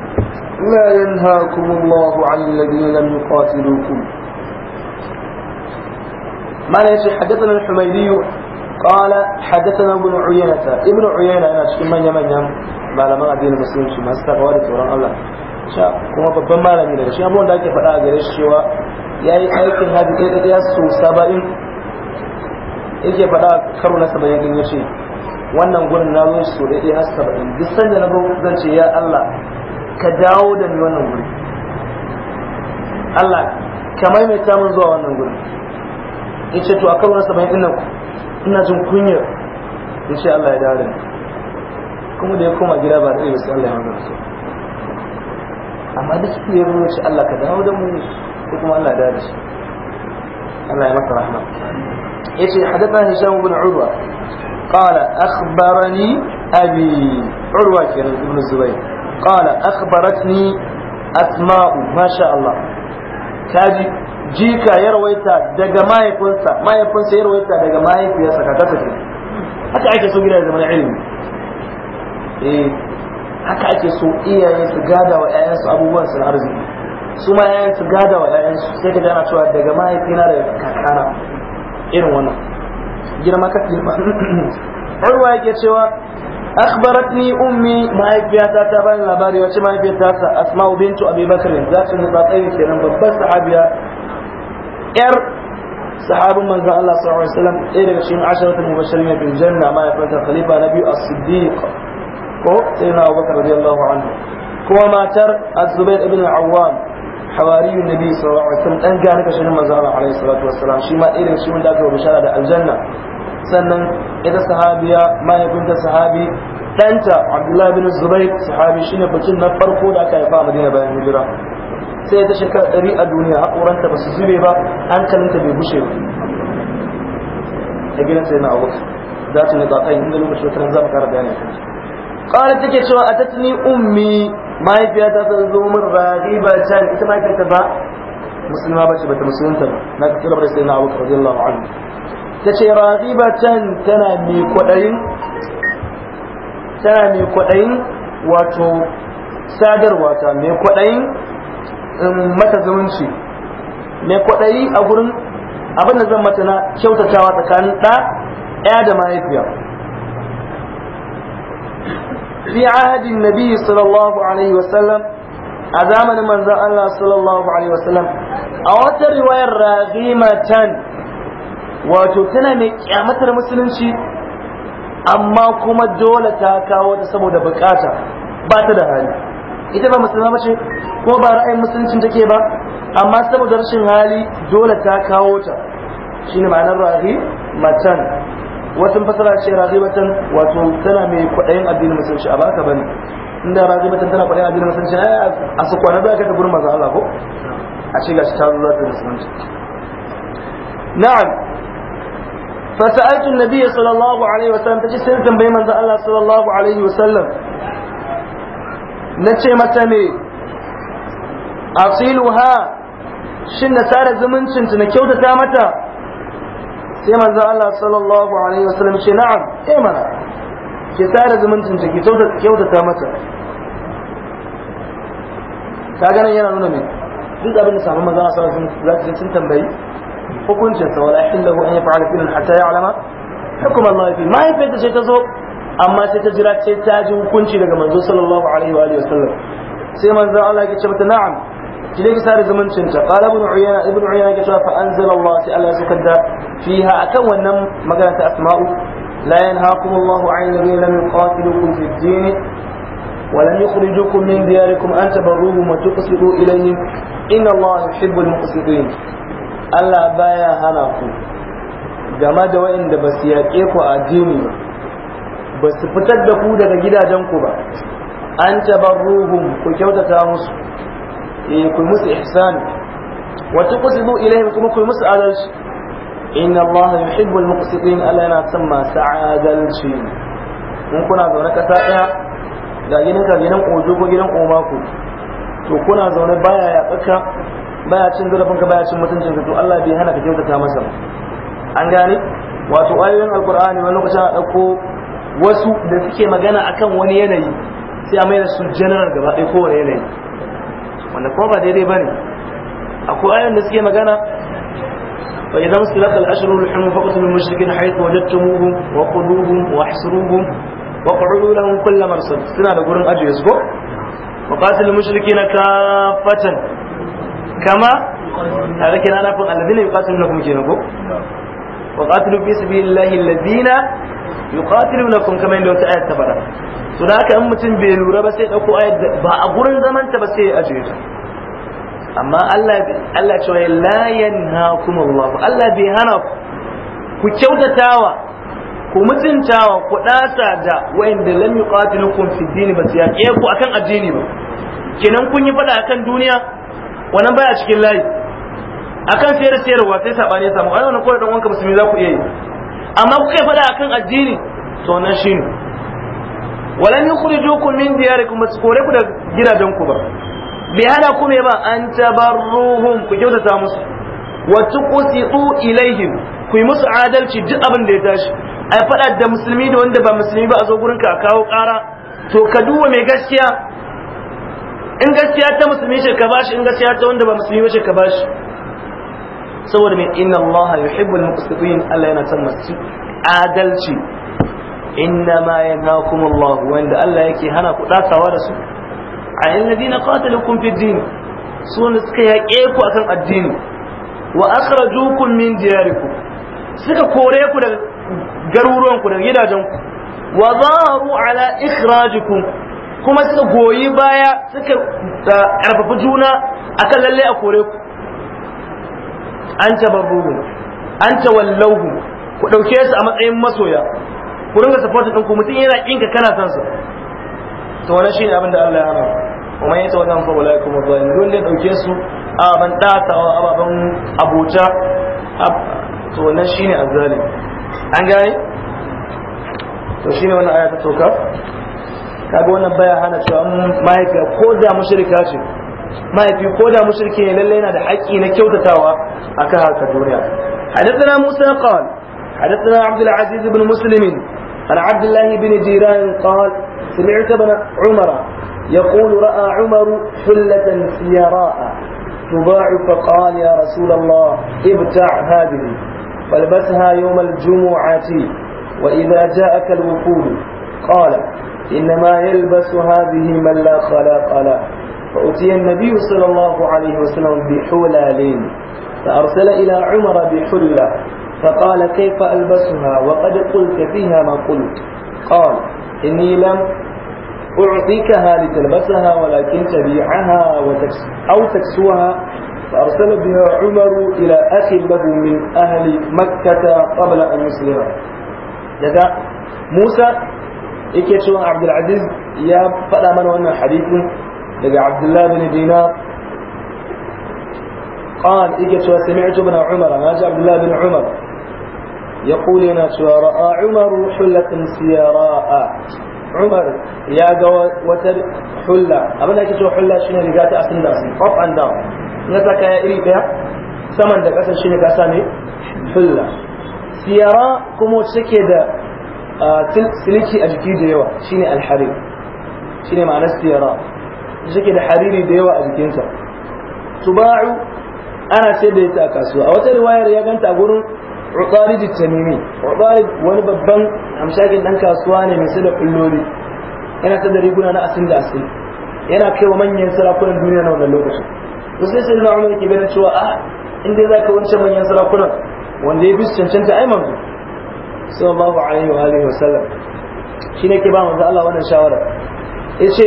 ما ينهاكم الله عن الذين لم يقاتلوكم ما ليس حدثنا الحميدي قال حدثنا ابن عيينة ابن عيينة أنا شكل من يمن يم ما لما أدين المسلمين شو ما استغواري توران الله شاء كما ببن ما لم يلغي شيء أبوان داك فلا أغير الشيوى يا aikin هذه ɗaya ɗaya su saba'in yake faɗa karo na saba'in yakin yace wannan gurin na zo su ɗaya ɗaya saba'in duk sanda na zan ce ya Allah ka dawo da ni wannan guri Allah ka maimaita mun zuwa wannan guri in ce to a karo na saba'in ina jin kunyar in ce Allah ya dawo da ni kuma da ya koma gida ba da iya sai Allah ya magana su amma duk su ya ruwa ce Allah ka dawo da mu ko kuma Allah ya dawo da shi Allah ya masa rahama yace hadatha hisham ibn urwa akhbarani abi urwa عروة ibn zubayr qala akhbaratni asma'u masha Allah kaji jika ya rawaita daga mahaifinsa mahaifinsa ya rawaita daga mahaifiyarsa kaka take haka ake so gida da zama ilimi eh haka ake so iyaye su gada abubuwan su arziki su ma ƴaƴan su gada wa ƴaƴansu sai ka gana daga mahaifina daga kakana irin wannan girma ka girma har yake cewa akhbaratni ummi mahaifiyata ta bani labari wace mahaifiyata ta asma'u bintu abi bakr za su nufa tsayi kenan babbar sahabiya yar sahabin manzon Allah sallallahu alaihi wasallam ɗaya daga cikin asharatul mubashirin bil janna ma yafatar khalifa nabi as-siddiq ko sayyidina Abu Bakr radiyallahu anhu kuma matar az-zubair ibn al-awwam hawariyu nabi sallallahu alaihi wasallam dan na kashin manzon Allah alaihi salatu wasallam shi ma ɗaya daga cikin da aka bishara da aljanna sannan ita sahabiya mahaifinta sahabi ɗanta abdullahi bin zubair sahabi shine bacin na farko da aka haifa a madina bayan hijira sai ta shekara ɗari a duniya haƙuranta ba su zube ba hankalinta bai bushe ba a gina sai na abu za ta ne kai inda lokaci wata za mu kara bayani kawai take cewa a tattini ummi mahaifiyata ta zo min ba can ita mahaifiyarta ba musulma ba ce ba ta musulunta ba na kira bar sai na abu radiyallahu anhu ta ce raghibatan tana mai kwaɗayin tana mai kwaɗayin wato sadarwa ta mai kwaɗayin um, mata zumunci mai kwaɗayi a gurin abin da zan mata na kyautatawa tsakanin ɗa ɗaya da mahaifiya fi ahadin nabi sallallahu alaihi wasallam a zamanin manzan Allah sallallahu alaihi wasallam a wata riwayar raghimatan wato tana mai kyamatar musulunci amma kuma dole ta kawo ta saboda bukata ba ta da hali ita ba musulma mace ko ba ra'ayin musulunci take ba amma saboda rashin hali dole ta kawo ta shine ma'anar rahi matan wasu fasara ce rahi matan wato tana mai kwaɗayin addinin musulunci a baka bane inda rahi matan tana kwaɗayin addinin musulunci a su kwana za ka ta gurin maza Allah ko a ce gashi ta zo za ta musulunci na'am فسألت النبي صلى الله عليه وسلم تجسل تنبي من الله صلى الله عليه وسلم نتشي متني أصيلها شن سار زمن شن تنكوت تامتا سيما ذا الله صلى الله عليه وسلم شي نعم سيما إيه شي سار زمن شن تنكوت تامتا كاغانا يانا نمي دي دابن سامن ما ذا صلى الله عليه وسلم صلى الله الله عليه وسلم hukuncin sa wala illahu an yaf'ala fi'lan hatta ya'lama hukum Allah fi mai fita ce ta zo amma sai ta jira sai ta ji hukunci daga manzo sallallahu alaihi wa alihi wasallam sai manzo Allah ya ce mata na'am ki dai sare zumuncin ta qala ibn uyana ibn uyana ya ce fa anzala Allah sai Allah ya sukar da fiha akan wannan magana ta asma'u la yanhaqu Allah 'an alladhina lam yuqatilukum fi ad-din ولم يخرجوكم من دياركم أن تبروهم وتقسطوا إليهم إن الله يحب المقسطين Allah baya hana ku game da waɗanda ba su yaƙe ku a addini ba ba su fitar da ku daga gidajenku ba an ruhun ku kyautata musu eh ku musu ihsani wa tuqsidu ilaihim kuma ku musu adalci inna Allah yuhibbul muqsitin Allah yana son masu adalci in kuna zaune kasa ɗaya ga ginin ka gidan ojo ko gidan omako to kuna zaune baya ya tsaka. baya cin zarafin ka baya cin mutuncin ka to Allah bai hana ka kyautata masa ba an gane wato ayoyin alqur'ani wani lokacin a dauko wasu da suke magana akan wani yanayi sai a mai da su general gaba ɗaya wani yanayi wanda kuma ba daidai bane akwai ayoyin da suke magana fa idan sulaka al-ashrul hurum faqatul mushrikin haythu wajadtumuhum wa quluhum wa ahsuruhum wa qulu lahum kullu marsad suna da gurin ajiye su ko وقاتل المشركين كافة kama a rake na nafin alladina yuqatilunakum kenan ko wa qatilu fi sabilillahi alladina yuqatilunakum kamar yadda wata ayat ta faɗa to da haka in mutum bai lura ba sai dauko ayat ba a gurin zaman ta ba sai a ajiye amma Allah Allah cewa la yanhaakum Allah Allah bai hana ku kyautatawa ku mutuntawa ku ɗasa da wa'inda lam yuqatilukum fi dini ba su yaƙe ku akan addini ba kenan kun yi faɗa akan duniya wannan baya cikin layi akan sayar sayarwa sai sabani samu ai wannan ko dan wanka musulmi za ku iya yi amma kuka fada akan addini to nan shine walan yukhrijukum min diyarikum kore ku da gidajen ku ba bai hana ku me ba an tabarruhum ku kyautata musu wa tuqsitu ilaihim ku yi musu adalci duk abin da ya tashi ai faɗa da musulmi da wanda ba musulmi ba a zo gurin ka kawo kara to ka duba mai gaskiya in gaskiya ta musulmi ce ka bashi in gaskiya ta wanda ba musulmi ba ce ka bashi saboda mai inna Allah yuhibbul muqsitin Allah yana son masu adalci inna ma yanhaakum Allah wanda Allah yake hana ku dakawa da su a alladhina qatalukum fi din su ne suka yaƙe ku akan addini wa akhrajukum min diyarikum suka kore ku daga garuruwan ku da gidajen ku wa zaharu ala ikhrajikum kuma suka goyi baya suka karfafi juna akan lalle a kore ku an tabarruhu an wallahu ku dauke su a matsayin masoya ku ringa support din ku mutum yana kinka kana san su to wannan shine abin da Allah ya hana wa ta yatawalla fa ulai kuma zalimin ne, wanda dauke su a ban data a baban abota to wannan shine azzalim an gane to shine wannan aya ta toka kaga wannan baya hana cewa in mahaifiya ko da mushrika ce mahaifi ko da mushrike ne lalle yana da haƙƙi na kyautatawa akan haka duniya hadathana musa qal hadathana abdul aziz ibn muslim an عبد الله بن جيران قال سمعت ابن عمر يقول راى عمر حله سيراء تباع فقال يا رسول الله ابتع هذه والبسها يوم الجمعه واذا جاءك الوفود قال إنما يلبس هذه من لا خلاق له فأتي النبي صلى الله عليه وسلم بحلال فأرسل إلى عمر بحلة فقال كيف ألبسها وقد قلت فيها ما قلت قال إني لم أعطيكها لتلبسها ولكن تبيعها وتكس أو تكسوها فأرسل بها عمر إلى أخ له من أهل مكة قبل أن يسلم daga موسى yake cewa abdulaziz ya faɗa mana wannan hadisin daga abdullahi bin dinar قال إجت وسمعت ابن عمر ماجع عبد الله بن عمر يقول لنا رأى عمر حلة سيراء عمر يا جو وتر حلة أما لا يجتوا حلة شنو اللي جات أصل الناس up and down نتاك يا إري بها سمن دك أصل شنو كاسامي حلة سيراء كم وتسكي ده siliki a jiki da yawa shine alharir shine ma'anar siyara shi da hariri da yawa a jikinsa tuba'u ana ce da ita a kasuwa a wata riwayar ya ganta gurin uqarid tamimi rukari wani babban hamshakin dan kasuwa ne mai sada kulloli yana sada riguna na asin da asin yana kai wa manyan sarakunan duniya na wannan lokacin to sai sai na umar ke ganin cewa inda in za ka wancan manyan sarakunan wanda ya bisu cancanta ai manzo sallallahu alaihi wa alihi wasallam shi ne ke ba manzo Allah wannan shawara yace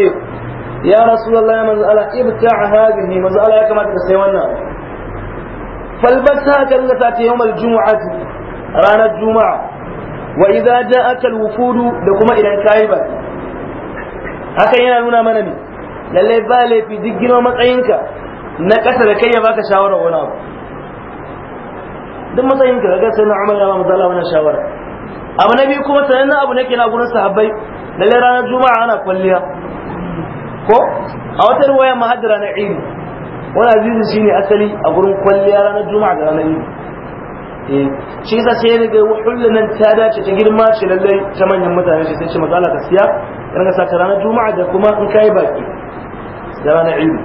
ya rasulullahi manzo Allah ibta' hadhihi manzo Allah ya kamata ka sai wannan falbasa kallata ta yawmal jumu'ati ranar juma'a wa idza ja'aka alwufudu da kuma idan kai ba hakan yana nuna mana ne lalle ba laifi duk girman matsayinka na ƙasa da kai ya baka shawara wani abu duk matsayinka ga sai na Umar ya ba manzo Allah wannan shawara abu na biyu kuma sanannen abu ne na gurin sahabbai lalle ranar juma'a ana kwalliya ko a wata ruwaya ma hadda ranar idi wani azizi shine asali a gurin kwalliya ranar juma'a da ranar idi eh, shi yasa sai ne ga hulun nan ta dace ta girma shi lalle ta manyan mutane shi, sai ce matsala ta siya kan ka saka ranar juma'a da kuma in kai baki da ranar idi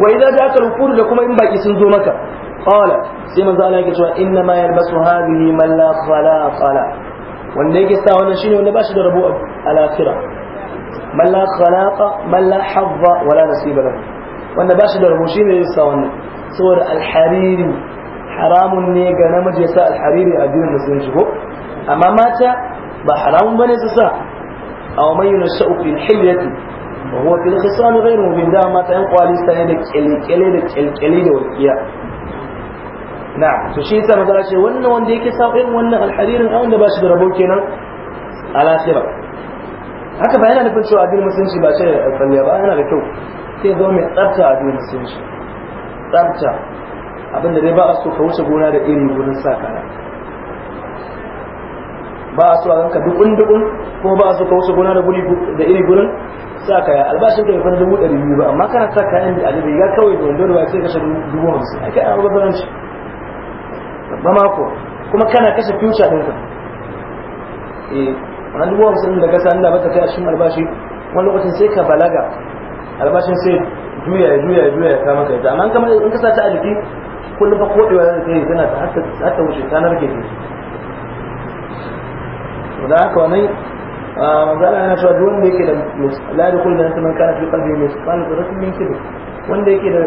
wa idan da aka rukudu da kuma in baki sun zo maka qala sai manzo Allah yake cewa inna ma yalbasu hadhihi man la khalaqa la wanda yake sa wannan shine wanda ba shi da rabo a lafira man la khalaqa man la hadda wala nasiba lahu wanda ba shi da rabo shine yake sa wannan saboda alhariri haramun ne ga namiji a addinin musulunci ko amma mata ba haramun bane su sa aw man yunashau fil hilyati wa huwa fil khisam ghayru mubin da mata yan kwalista ne da da da wakiya na to shi yasa maza ce wannan wanda yake sa irin wannan alharirin a wanda ba shi da rabo kenan a lafira haka ba yana nufin cewa addinin musulunci ba shi da tsalle ba yana da kyau sai zo mai tsafta addinin musulunci tsafta abinda dai ba a so ka wuce gona da iri wurin sa kaya ba a so a ganka dukun dukun kuma ba a so ka wuce gona da iri gurin sa kaya albashin ka yafan dubu ɗari biyu ba amma kana sa kayan da alibi ya kawai da wanda ba sai kashe dubu hamsin a yi abubuwan shi ba mako kuma kana kashe future ka eh wani dubu hamsin da gasa inda masa kai a cikin albashi wani lokacin sai ka balaga albashin sai juya ya juya ya juya ya kama ita amma kamar in ka sa ta a kullum fa kodewa zai kai tana ta har ta wuce ta narke ta da haka wannan magana yana cewa duk wanda yake da la da kullum da man kana fi qalbi misqal dharratin min kibr wanda yake da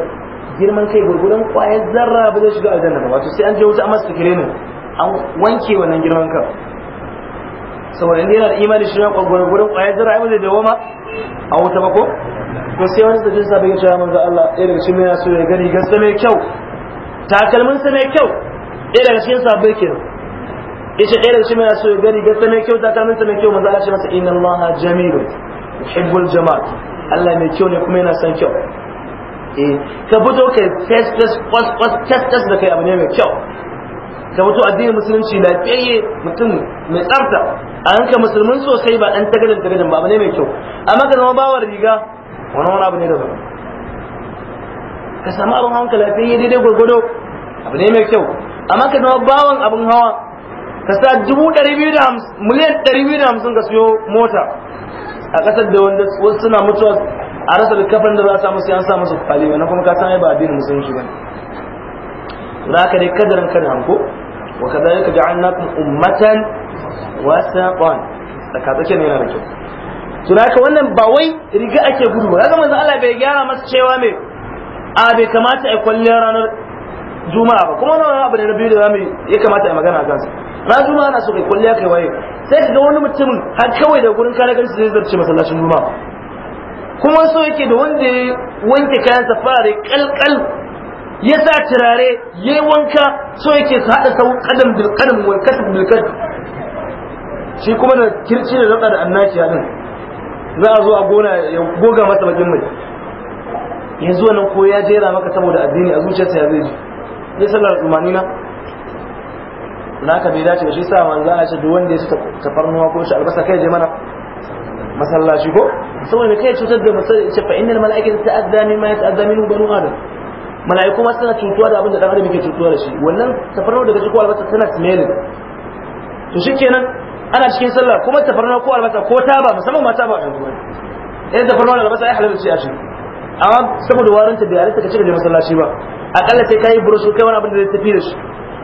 girman kai gurgudan kwayar zarra ba zai shiga aljanna ba wato sai an je wuta a masa kiremu an wanke wannan girman kan saboda inda yana da imani shi ne gurgudan kwayar zarra ai ba zai dawo ma a wuta ba ko Ko sai wani sajin sabai ya cewa manzo Allah ɗaya daga cikin yana so ya gani gaskiya mai kyau takalmin sa mai kyau ɗaya daga cikin sabai kenan yace ɗaya daga cikin yana so ya gani gaskiya mai kyau takalmin sa mai kyau manzo Allah ya ce masa inna Allah jamilun yuhibbul jamal Allah mai kyau ne kuma yana son kyau Eh, ka fito ka fes, fes, kwas kwas fes, test da kai abu ne mai kyau ka fito addinin musulunci lafiyayye mutum mai tsarta a ranka musulmin sosai ba ɗan tagadin tagadin ba abu ne mai kyau amma ka zama bawar riga wani wani abu ne da zama ka samu abin hawan ka lafiyayye daidai gwargwado abu ne mai kyau amma ka zama bawan abin hawa ka sa dubu ɗari biyu da hamsin, miliyan ɗari biyu da hamsin ka siyo mota a ƙasar da wanda suna mutuwa a rasa kafin da za a samu sai an sa masa kwali wani kuma ka san ba addinin musulunci bane za ka dai kadarin kada hanko wa ka ka kadhalika ja'alnakum ummatan wasaqan da ka ne yana da kyau to ka wannan ba wai riga ake gudu ba zama manzo Allah bai gyara masa cewa mai, a bai kamata a kwalliyar ranar juma'a ba kuma wani abu ne na biyu da zamu ya kamata a magana a kansa ran juma'a na so kai kwalliya kai waye sai ka ga wani mutum har kawai da gurin kare kansa zai zarce masallacin juma'a kuma so yake da wanda ya wanke kayansa farare kalkal ya sa turare ya yi wanka so yake su haɗa sau kadam bil wankasa wal shi kuma da kirci da zaɓa da annaki haɗin, za a zo a gona ya goga masa bakin mai Ya zuwa nan ko ya jera maka saboda addini a zuciyarsa ya zai ji ya sallar tsumani na ka bai dace da shi sa manzo Allah duk wanda ya ci tafarnuwa ko shi albasa kai je mana masallaci ko saboda kai cutar da masallaci fa innal mala'ikata ta'adda mimma yata'adda minhu banu adam mala'iku ma suna cutuwa da abin da dan adam yake cutuwa da shi wannan tafarnau daga cikin albasa tana smelling to kenan ana cikin sallah kuma tafarnau ko albasa ko taba musamman ma taba a ruwa idan eh, tafarnau da albasa ya halarci ce a ci amma saboda warinta bai halitta ka cika da masallaci ba akalla sai ka yi burushu kai wani abin da zai tafi da shi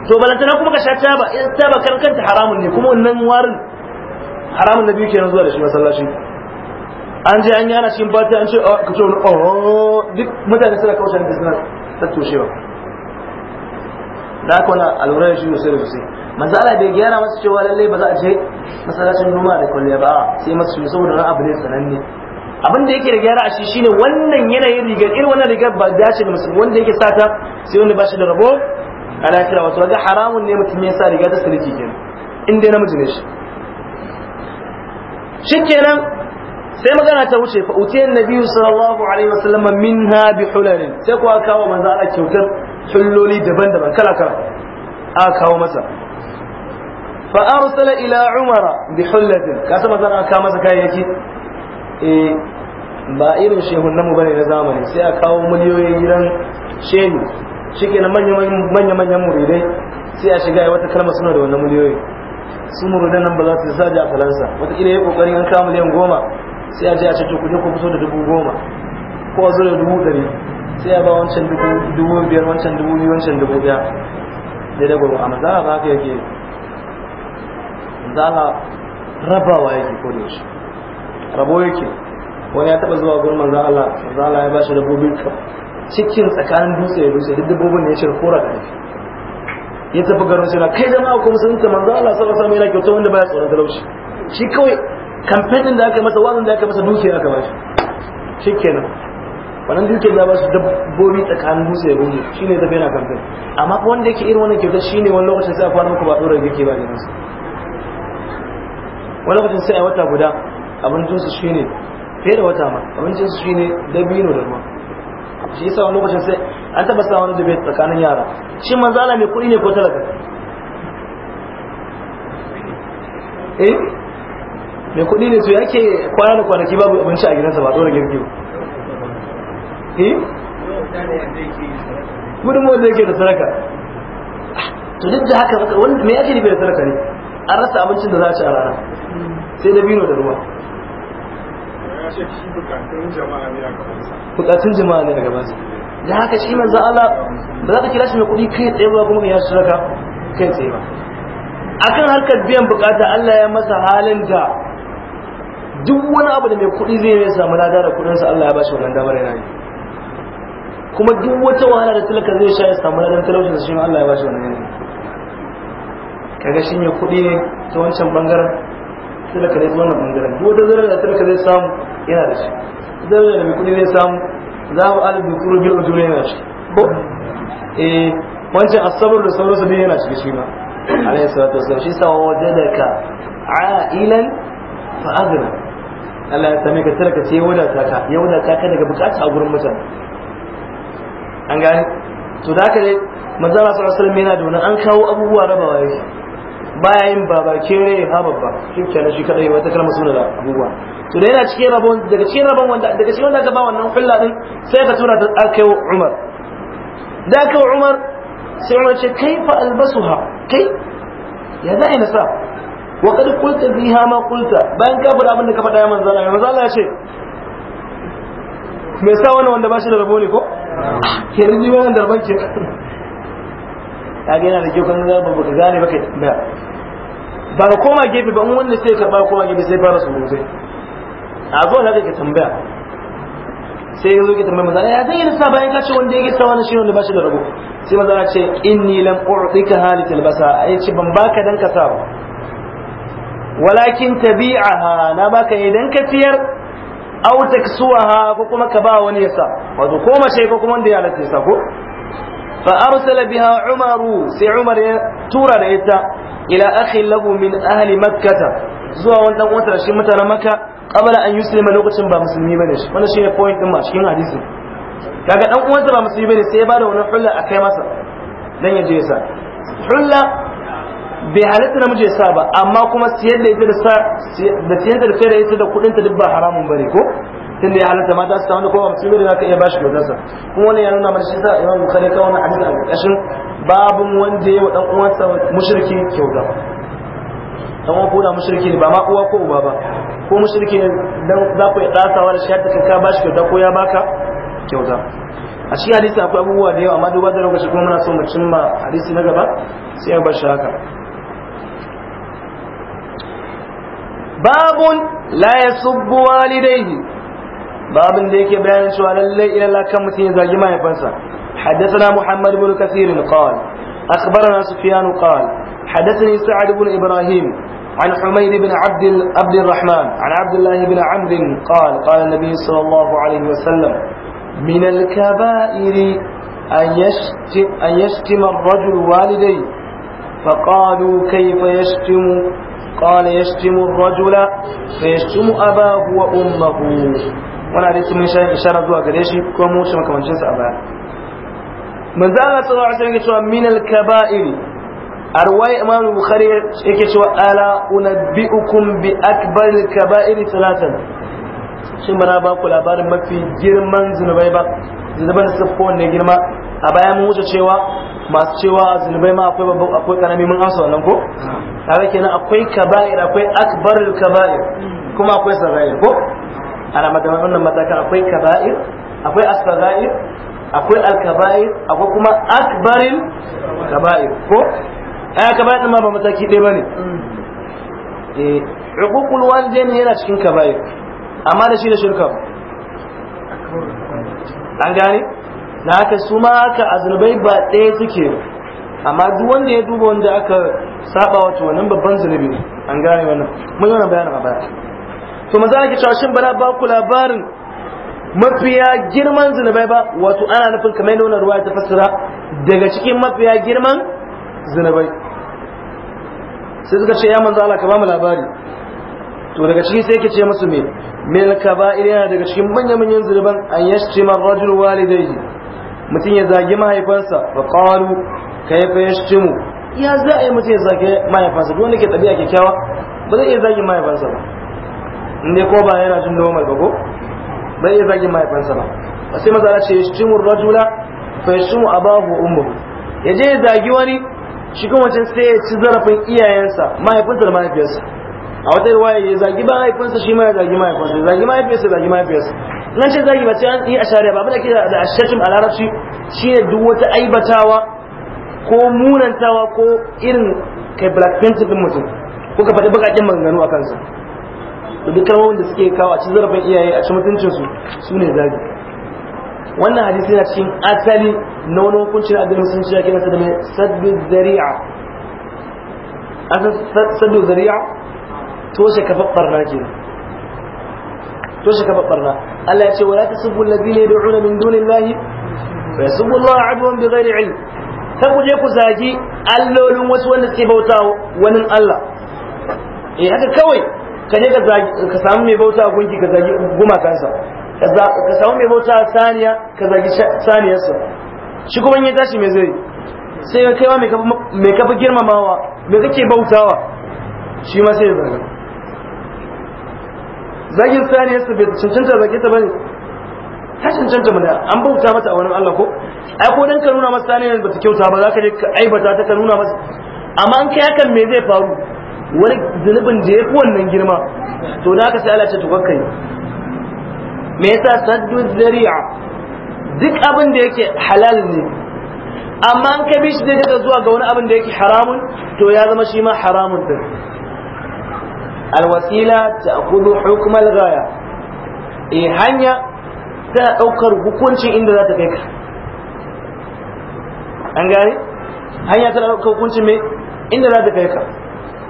to balantana kuma ka sha taba in taba kankanta haramun ne kuma wannan warin haramun na biyu kenan zuwa da shi masallaci an je an yana cikin bata an ce oh, ka ce oho. duk mutane suna kawo da suna tattoshewa da aka wani alwurar da shi sosai da sosai manzo Allah bai gyara masu cewa lallai ba za a je masallacin juma'a da kwalliya ba sai masu shi saboda wani abu ne sananne abin da yake da gyara a shi shine wannan yanayin rigar irin wannan rigar ba ce da musulmi wanda yake sata sai wanda ba shi da rabo a lafiya wato ga haramun ne mutum ya sa riga ta siliki kenan in dai namiji ne shi shikenan sai magana ta wuce fa utiyan nabiyyu sallallahu alaihi wasallam minha bi hulal sai kuwa kawo manzo Allah kyautar hulloli daban-daban kala kala a kawo masa fa arsala ila umara bi hulal ka kasa manzo aka kawo masa kayayyaki eh ba irin shehun namu bane na zamani sai a kawo miliyoyin gidan shehu shikenan manya manyan muridai sai a shiga wata kalmar suna da wannan miliyoyin su murudan nan ba za su sa ji a faransa wataƙila ya kokarin an kama miliyan goma sai a je a ceto kuɗi ku fito da dubu goma ko a zo da dubu ɗari sai a ba wancan dubu biyar wancan dubu biyu wancan dubu ɗaya da da gwarwa amma a ba ka yake za a rabawa yake ko da yaushe rabo yake wani ya taɓa zuwa gurman za Allah za Allah ya ba shi dabbobin cikin tsakanin dutse da dutse duk dabbobin ne ya shirkora da ne. ya tafi garin suna kai jama'a kuma sun ta manzo Allah sallallahu alaihi wasallam yana kyauta wanda baya tsoron talauci shi kawai kamfanin da aka masa wazin da aka masa duke aka shi kenan wannan dukiyar da ba su dabbobi tsakanin dutse da shi shine tafi yana kamfan amma fa wanda yake irin wannan kyauta shine wani lokacin sai a fara muku ba dora yake ba gidansa wani lokacin sai a wata guda abincinsu shine fiye da wata ma abincinsu shine dabino da ruwa shi yasa wani lokacin sai an taba sa wani debate tsakanin yara shi manzo Allah mai kuɗi ne ko talaka eh mai kuɗi ne to yake kwana da kwanaki babu abinci a gidansa ba dole girki eh gudunmuwar da yake da sadaka to duk da haka me yake da sadaka ne an rasa abincin da za a ci a rana sai da bino da ruwa bukatun jama'a ne a gaban bukatun da haka shi manzo Allah ba za ka kira shi mai kuɗi kai tsaye ba kuma ya suraka kai tsaye ba akan harkar biyan bukata Allah ya masa halin da duk wani abu da mai kuɗi zai yi samu lada da sa Allah ya ba shi wannan damar yana ne kuma duk wata wahala da talaka zai sha ya samu ladan talaucin shi ma Allah ya ba shi wannan ne kaga shi mai kuɗi ne ta wancan bangaren talaka ne wannan bangaren duk wata zarar da talaka zai samu yana da shi zarar da mai kuɗi zai samu za mu alif da kuro bil ujuri yana shi ko eh wancan asabar da sauransu duk yana shi shi ma alayhi salatu wasallam shi sa wajadaka a'ilan fa aghna Allah ya same ka talaka ce ya wadata ka ya wadata ka daga bukata a gurin mutane an gane to da haka dai manzara sallallahu alaihi wasallam yana da wani an kawo abubuwa rabawa yake baya yin babake rai ha babba shi kenan shi kadai wata kalmar suna da abubuwa to da yana cikin rabon daga cikin rabon wanda daga cikin wanda aka ba wannan hulla din sai ka tura ta aka yi Umar da aka yi Umar sai Umar ce kai fa albasuha kai ya za'i na sa wa kad qulta biha ma kulta bayan ka fada abin da ka faɗa ya manzo Allah manzo Allah ya ce me sa wannan wanda ba shi da rabo ne ko ke rinji wannan darban ke ya gina da kyau kan zaba baka gane baka da ba ka koma gefe ba in wanda sai karba koma gefe sai fara surutai a zo na ka tambaya sai ya zo ki tambaya maza ya zai yi nasa bayan ka ce wanda ya gisa wani shi wanda ba shi da rabo sai maza ya ce inni lam u'tika hali talbasa a ya ce ban baka dan ka sa ba walakin tabi'aha na baka idan ka siyar aw taksuha ko kuma ka ba wani yasa wato ko mace ko kuma wanda ya halatta yasa ko fa arsala biha umaru sai umar ya tura da ita ila akhin lahu min ahli makkah zuwa wani dan uwansa da shi mutanen makka qabla an yuslima lokacin ba musulmi bane shi wannan shine point din ma cikin hadisi kaga dan uwansa ba musulmi bane sai ya bada wannan hulla akai masa dan ya je ya sa hulla bai halatta namiji ya sa ba amma kuma siyar da ita da sa da siyar da kai ita da kudin ta duk ba haramun bane ko tunda ya halatta mata su samu da kuma musulmi da ka iya bashi kyautar sa kuma wani ya nuna mana shi sa Imam Bukhari kawo wannan hadisi a ƙarƙashin babun wanda ya wa dan uwansa mushriki kyauta dan uwa ko da mushriki ne ba ma uwa ko uba ba ko mushriki ne dan za ku ya dasawa da shi hatta kanka ba shi kyauta ko ya baka kyauta a shi hadisi akwai abubuwa da yawa amma duba da lokaci kuma muna so mu cimma hadisi na gaba sai ya bar shi haka babun la yasubbu walidayhi babun da yake bayanin cewa lallai ila kan mutum ya zagi mahaifansa حدثنا محمد بن كثير قال أخبرنا سفيان قال حدثني سعد بن إبراهيم عن حميد بن عبد عبد الرحمن عن عبد الله بن عمرو قال قال النبي صلى الله عليه وسلم من الكبائر أن يشتم, أن يشتم الرجل والديه فقالوا كيف يشتم قال يشتم الرجل فيشتم أباه وأمه وانا ريت من شيء إشارة دوا قريشي كومو شمكمانشنس أباه manzo Allah sallallahu alaihi wasallam yake cewa min al-kaba'ir arwai imam bukhari yake cewa ala unabbiukum bi akbar al-kaba'ir salatan shin bana ba ku labarin mafi girman zunubai ba zunuban da suka ne girma a baya mun wuce cewa masu cewa zunubai ma akwai babban akwai karami mun amsa wannan ko kaga kenan akwai kaba'ir akwai akbar al-kaba'ir kuma akwai sarai ko ana magana wannan matakan akwai kaba'ir akwai asfagair akwai alkabai akwai kuma akbarin kabai ko ai din ma ba mataki ɗaya bane eh uququl walidain yana cikin kabai amma da shi da shirka an gane na haka su ma haka azurbai ba ɗaya suke amma duk wanda ya duba wanda aka saba wato wannan babban zunubi an gane wannan mun yi wannan bayanin a baya to maza ake cewa shin bana ba ku labarin mafiya girman zunubai ba wato ana nufin kamar yadda ruwa ta fassara daga cikin mafiya girman zunubai sai suka ce ya manzo Allah ka ba mu labari to daga cikin sai yake ce musu me min kaba yana daga cikin manyan manyan zunuban an ma rajul walidayhi mutum ya zagi mahaifansa fa qalu kayfa yashtimu ya za a yi mutum ya zagi mahaifansa duk wanda ke tabi'a kyakkyawa ba zai iya zagi mahaifansa ba in dai ko ba yana jin normal ba ko bai iya zagin mahaifansa ba ba sai maza ce ya shi rajula fa ya shi mu abahu ummuhu ya je ya zagi wani shi kuma wancan sai ya ci zarafin iyayensa mahaifinsa da mahaifiyarsa a wata riwaya ya zagi mahaifinsa shi ma ya zagi mahaifinsa ya zagi mahaifiyarsa ya zagi mahaifiyarsa nan ce zagi ba ce an yi a shari'a ba ba da ke da ashashim a larabci shine duk wata aibatawa ko munantawa ko irin kai black painting din mutum ko ka faɗi bakaƙen maganganu a kansa to duk kalmomin da suke kawo a ci zarafin iyaye a ci mutuncinsu su ne zagi wannan hadisi yana cikin asali na wani hukuncin adalin sun ci yakin da mai saddu zari'a asal saddu zari'a toshe kafa barna ke toshe kafa barna Allah ya ce wala tasubbu alladhina yad'una min dunillahi fa yasubbu Allah adwan bighairi ilm ta kuje ku zagi allolin wasu wanda suke bauta wani Allah eh haka kawai ka ne ka samu mai bauta gunki ka zagi gumakansa ka samu mai bauta saniya ka zagi saniyarsa shi kuma ya tashi mai zai sai ka kaiwa mai kafa girmamawa mai kake bautawa shi ma sai ya zaga zagin saniyarsa bai cancanta zage ta bane ta cancanta mana an bauta mata a wani Allah ko ai ko dan ka nuna masa saniyar ba ta kyauta ba za ka je ka aibata ta ka nuna masa amma an kai hakan me zai faru wani zunubin da ya fi wannan girma to da aka sai Allah ce to kakkai me yasa saddu zari'a duk abin da yake halal ne amma an ka shi da daga zuwa ga wani abin da yake haramun to ya zama shi ma haramun din alwasila ta'khudhu hukm hukumar gaya, eh hanya ta daukar hukuncin inda za ta kai ka an gane hanya ta daukar hukuncin me inda za ta kai ka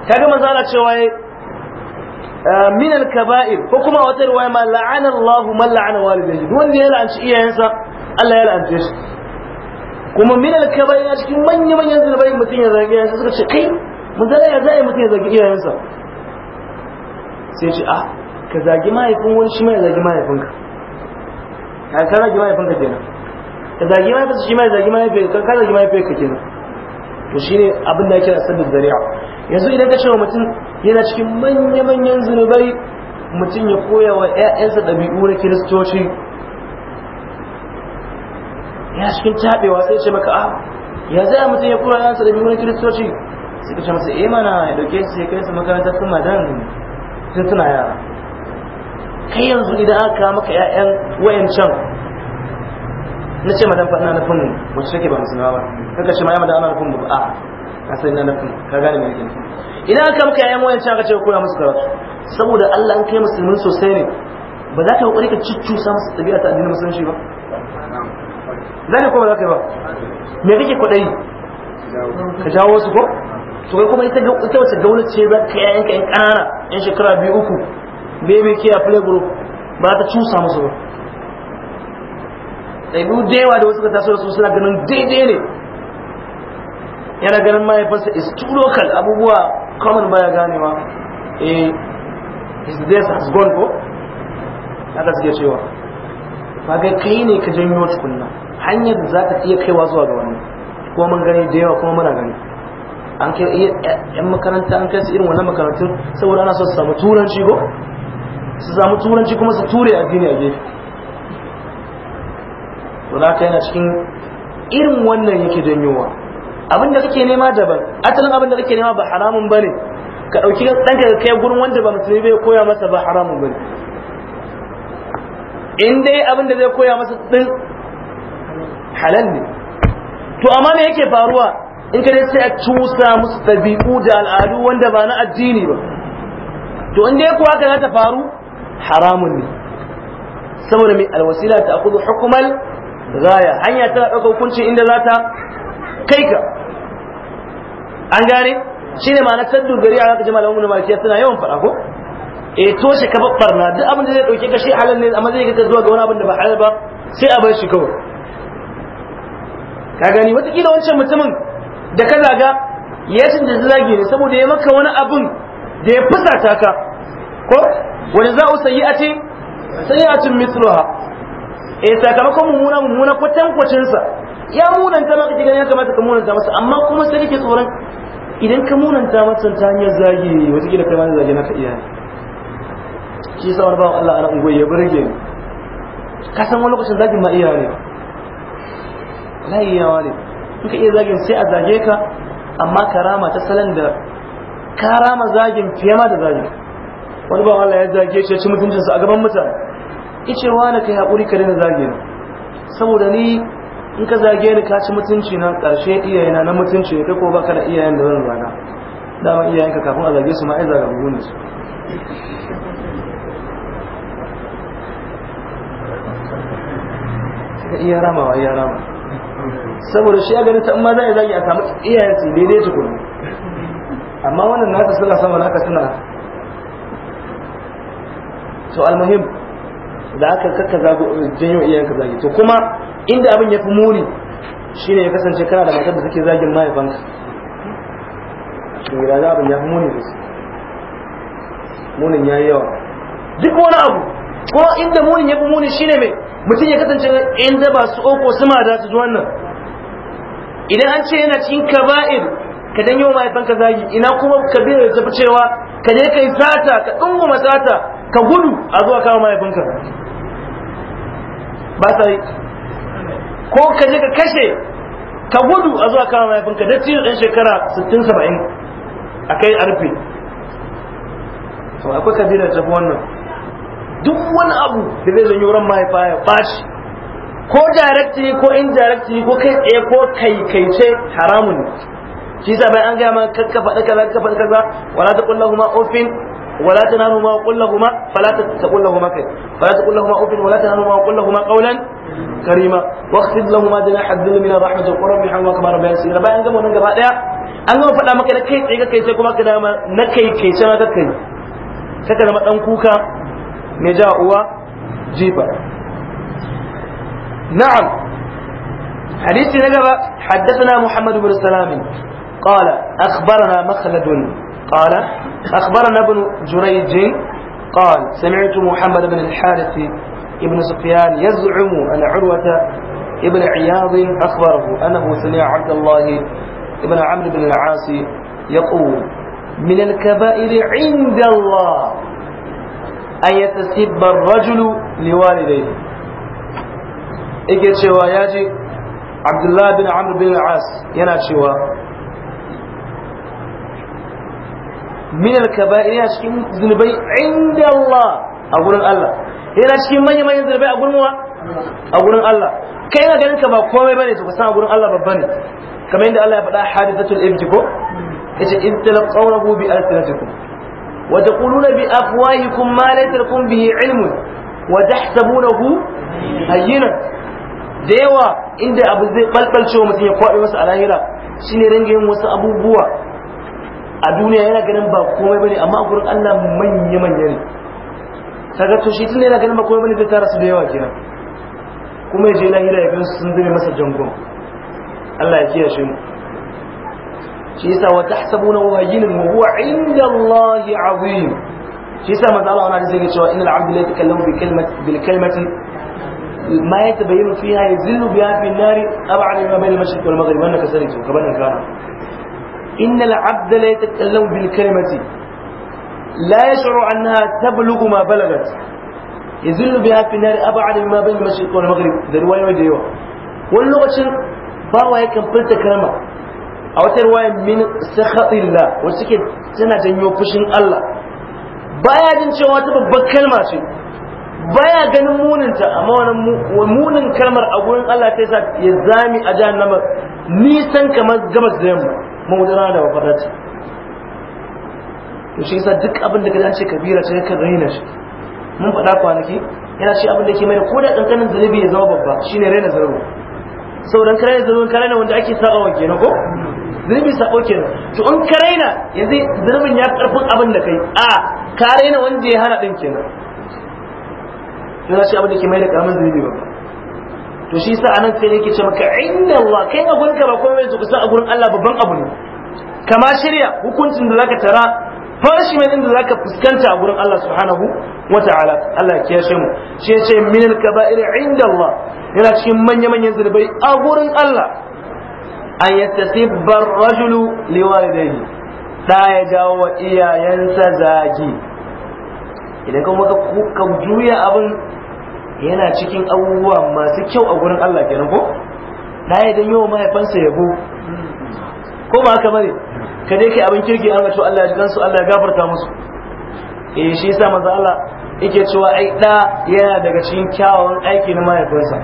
Ka kaga manzo Allah cewa eh, min al-kaba'ir ko kuma wata ruwaya ma la'ana Allah man la'ana walidayhi duk wanda ya la'anci iyayensa Allah ya la'ance shi kuma min al-kaba'ir a cikin manyan manyan zunubai mutum ya zagi iyayensa suka ce kai manzo Allah ya zagi mutum ya zagi iyayensa sai ce a ah, ka zagi mahaifin wani shi ma ya zagi mahaifinka ka ka zagi mahaifinka kenan ka zagi mahaifinka shi ma ya zagi mahaifinka ka zagi mahaifinka kenan to shine abin da ake kira sabbin zari'a yanzu idan ka ce wa mutum yana cikin manya-manyan zunubai mutum ya koya wa 'ya'yansa ɗabi'u na kiristoci ya cikin taɓewa sai ce maka ah, a ya zai mutum ya koya 'ya'yansa ɗabi'u na kiristoci sai ka ce masa eh mana ya ɗauke su ya kai su makarantar sama dan sun suna yara kai yanzu idan aka maka 'ya'yan wayancan na ce madan faɗina nufin wacce take ba musulma ba kanka ce ma ya madan ana nufin ba a ah, asali na nafi ka gane mai nake idan aka muka yayan wayan can ka ce koya musu karatu saboda Allah an kai musulmin sosai ne ba za ka kokari ka cuccusa musu tabi'a ta addinin musulunci ba za ka kuma za ka yi ba me kake kwadari ka jawo su ko to kai kuma ita wace gauna ce za ka yayan ka yan ƙanana yan shekara biyu uku baby care play group ba ta cusa musu ba ɗabi'u da yawa da wasu ka taso da su suna ganin daidai ne yana ganin mahaifarsa is too local abubuwa common baya ganewa eh is this has gone ko haka suke cewa Ba ga kai ne ka janyo tukunna hanyar da za ka iya kaiwa zuwa ga wannan kuma mun gani da yawa kuma muna gani an kai eh, yan makaranta an kai su irin wannan makarantun saboda ana so su samu turanci ko su samu turanci kuma su ture addini a gefe to da yana cikin irin wannan yake janyowa abin da kake nema daban asalin abin da kake nema ba haramun bane ka dauki ɗanka ka kai gurin wanda ba musulmi bai koya masa ba haramun bane in dai abin da zai koya masa din halal ne to amma me yake faruwa in ka dai sai a cusa musu dabi'u da al'adu wanda ba na addini ba to in dai ko ka za ta faru haramun ne saboda mai alwasila ta akudu hukumal gaya hanya tana ɗauka hukunci inda za ta kai ka an gane shine ma'anar saddu gari a haka jama'a malamin malikiya suna yawan faɗa ko e toshe ka babbarna duk abin da zai dauke ka shi halal ne amma zai ka zuwa ga wani abin da ba halal ba sai a bar shi kawai ka gani watakila wancan mutumin da ka zaga ya da zagi ne saboda ya maka wani abin da ya fusata ka ko wani za'u sayyi'ati cin mithluha E, sakamakon mummuna mummuna kwatan ya munanta maka ganin ya kamata ka munanta masa amma kuma sai kake tsoron idan ka munanta masa ta hanyar zagi wata gina kai ma zagi naka iya shi sa wani bawa Allah a nan ya burge ni ka san wani lokacin zagin ma iya ne wallahi yawa ne in ka iya zagin sai a zage ka amma karama ta salon da karama zagin fiye ma da zagin wani bawa Allah ya zage shi ya ci mutuncinsa a gaban mutane ice wani yi haƙuri ka daina zagin saboda ni in ka zage ni ka ci mutunci nan ƙarshe iyayena na mutunci ne ko baka da iyayen da zan zaga dama iyayenka kafin a zage su ma ai zaga bugun su ka iya ramawa iya rama saboda shi ya gani ta amma za a zage a samu iyayen su daidai tukunu amma wannan nasa suna sama naka suna so almuhim da aka kakka zagu janyo iyayen ka zagi to kuma inda abin ya fi muni shine ya kasance kana da matar da take zagin mahaifanka shi da abin ya fi muni da su munin ya yi yawa duk wani abu ko inda munin ya fi muni shine mai mutum ya kasance in ba su oko sama da su wannan idan an ce yana cikin kaba'ir ka danyo mahaifanka zagi ina kuma kabilar ta fi cewa ka je kai sata ka dunguma sata ka gudu a zuwa kawo mahaifinka ba sa yi ko ka je ka kashe ka gudu a zuwa kama mahaifinka da cizo ɗan shekara 60-70 a kai a rufe akwai kabila ta fi wannan duk wani abu da zai zanyi wurin mahaifa ya bashi ko jarakti ko jarakti ko kai tsaye ko kai kai ce haramun ne shi sa bai an gaya ma kakka faɗa kaza kakka faɗa kaza wala ta kullahu ma ofin ولا تنهروا ما قل لهما فلا تقول لهما كيف فلا تقول لهما أفن ولا تنهروا ما قل لهما قولا كريما واخفض لهما جناح حد من رحمة القرى في حلوة كبار بها سيرا بقى أنجم ونجم رأيها أنجم فلا ما كيف كيف كيف كيف كيف كيف كيف كيف كيف كيف سكنا ما تنكوكا نجاؤوا جيبا نعم حديث نجم حدثنا محمد بن السلام قال أخبرنا مخلد قال أخبرنا ابن جريج قال سمعت محمد بن الحارث ابن سفيان يزعم أن عروة ابن عياض أخبره أنه سمع عبد الله ابن عمرو بن العاص يقول من الكبائر عند الله أن يتسب الرجل لوالديه إيجي تشوى ياجي عبد الله بن عمرو بن العاص ينا تشوى min al-kaba'ir yana cikin zunubai a gurin Allah yana cikin manyan manyan zunubai a gurin wa a gurin Allah kai yana ganin ka ba komai bane to kusan a gurin Allah babba ne kamar Allah ya faɗa hadithatul ibti ko yace in talaqawnahu bi alsinatikum wa taquluna bi afwahikum ma laysa lakum bihi ilmun wa tahsabunahu hayyina da yawa inda abu zai balbalce mutum ya kwaɗe wasu a lahira shine ringa yin wasu abubuwa a duniya yana ganin ba komai bane amma a gurin Allah manya manya ne kaga to shi tunda yana ganin ba komai bane zai tara su da yawa kenan kuma ya je lahira ya gansu sun zame masa jangon Allah ya kiyaye mu shi yasa wa tahsabunahu hayyinan wa huwa 'inda Allah 'azim shi yasa manzo Allah wannan zai cewa innal 'abdu la yatakallamu bi kalimati bil kalimati ma yatabayyanu fiha yazillu biha fi an-nar ab'ad ma bayna al-mashriq wal maghrib annaka saritu kaban kana إن العبد لا يتكلم بالكلمة لا يشعر أنها تبلغ ما بلغت يزل بها في النار أبعد مما بين المشرق والمغرب ذا رواية وديوة واللغة باوا يكن فلت كلمة أو ترواية من سخط الله وسكت سنة جنيو فشن الله baya jin cewa ta babbar kalma ce baya ganin muninta amma wannan munin kalmar a gurin Allah ta sa ya zami a jahannama nisan kamar gabas da yamma mawudana da wafarata to shi yasa duk abin da ka dace kabira ta kan raina shi mun faɗa kwanaki yana shi abin da ke mai ko da kankanin zunubi ya zama babba shine raina zunubi saboda kare raina zunubin kare wanda ake saba wa kenan ko zunubi sa'o kenan to in kare raina yanzu zunubin ya karfin abin da kai a kare na wanda ya hana din kenan to za shi abin da ke mai da karamin zunubi ba to shi sa anan sai yake ce maka inna Allah kai a gurin ka ba komai zuka sa a gurin Allah babban abu ne kama shirya hukuncin da zaka tara punishment din da zaka fuskanta a gurin Allah subhanahu wa ta'ala. Allah ya kiyashe mu shi yace min al-kaba'ir inda Allah yana cikin manya manyan zunubai a gurin Allah an yattasibba ar-rajulu liwalidayhi da ya jawo wa iyayensa zagi idan kuma ka juya abin yana cikin abubuwa masu kyau a gurin Allah kenan ko da ya dan yawa mahaifansa yabo ko ba haka bane ka dai kai abin kirki an to Allah ya ji kansu Allah ya gafarta musu eh shi yasa manzo Allah yake cewa ai da yana daga cikin kyawawan aiki na mahaifinsa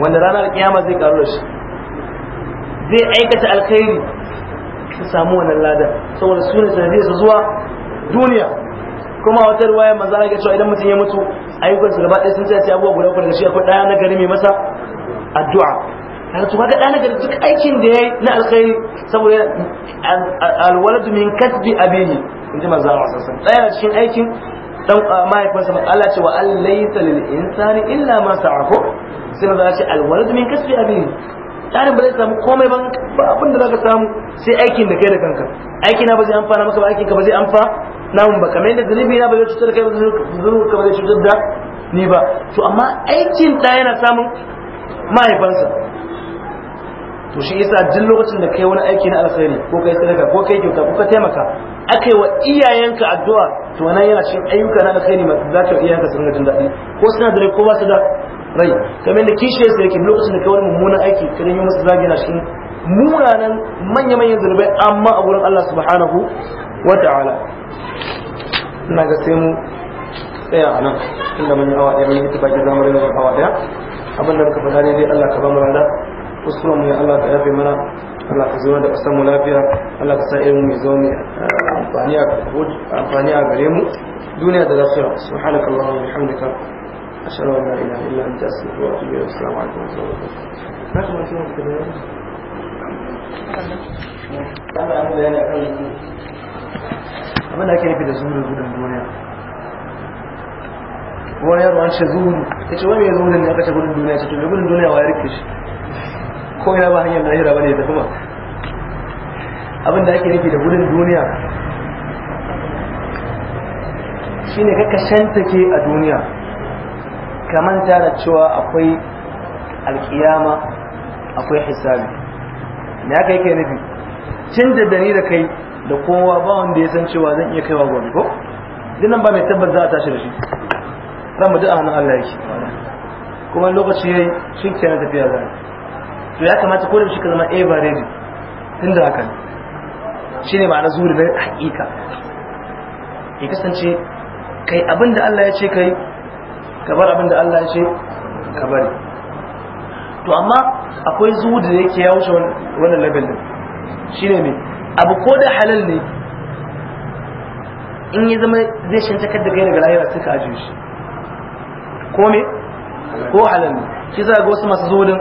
wanda ranar alkiyama zai karu da shi zai aikata alkhairi su samu wannan ladan saboda su ne su zuwa duniya kuma wata ruwaya manzo Allah ya cewa idan mutum ya mutu ayyukan su gaba ɗaya sun tsaya abubuwa guda uku da shi akwai ɗaya na gari mai masa addu'a kaga to kaga ɗaya na gari duk aikin da yayi na alkhairi saboda alwaladu min kasbi abihi inji manzo Allah sallallahu alaihi ɗaya cikin aikin dan mahaifinsa Allah ce wa allaysa lil insani illa ma sa'a ko sai manzo Allah ce alwaladu min kasbi abihi tsarin ba zai samu komai ba abin da zaka samu sai aikin da kai da kanka aiki na ba zai amfana maka ba aikin ka ba zai amfa namun ba kamar yadda zunubi na ba zai cutar kai ba zunubi ka ba zai cutar da ni ba to amma aikin da yana samun mahaifansa to shi yasa duk lokacin da kai wani aiki na alkhairi ko kai sadaka ko kai kyauta ko ka taimaka akai wa iyayenka addu'a to wannan yana cikin ayyuka na alkhairi ma za ka iyayenka su ringa jin daɗi ko suna da ko ba su da rai kamar yadda kishiyar su yake lokacin da kawai mummunan aiki kan yi masa zagi na shi munanan manya manyan zunubai amma a wurin Allah subhanahu wa ta'ala ina ga sai mu tsaya a nan inda mun yi awa ɗaya mun yi ta baki zamu rinka awa ɗaya abin da muka faɗa ne dai Allah ka ba mu rana kuskuren mu ya Allah ka yafe mana Allah ka zama da ƙasar mu lafiya Allah ka sa irin mu zo eh, ne amfani a gare mu duniya da lafiya subhanakallahumma wa bihamdika أشهد أن لا إله إلا أنت أستغفرك وأتوب إليك السلام عليكم ورحمة الله وبركاته abin da ake nufi da zuhuri gudun duniya wani yaro an ce zuhuri ya ce wani zuhurin ne aka ce gudun duniya ce to gudun duniya wa ya shi ko ya ba hanyar lahira ba ne ya tafi abin da ake nufi da gudun duniya shine kakka shantake a duniya kaman manta da cewa akwai alkiyama akwai hisabi me aka yake nufi cin da dani da kai da kowa ba wanda ya san cewa zan iya kaiwa gobe ko nan ba mai tabbas za a tashi da shi ran mu da'a hannun Allah yake kuma lokaci yayi shi ke na tafiya zan to ya kamata ko da shi ka zama ever ready da haka shine ma'ana zuri na hakika ya kasance kai abinda Allah ya ce kai ka bar abin da Allah ya ce ka bari to amma akwai zuwa da yake ya wuce wannan level din ne me abu ko da halal ne in ya zama zai shantakar da gani daga lahira sai ka ajiye shi ko me ko halal ne shi za ga wasu masu zuwa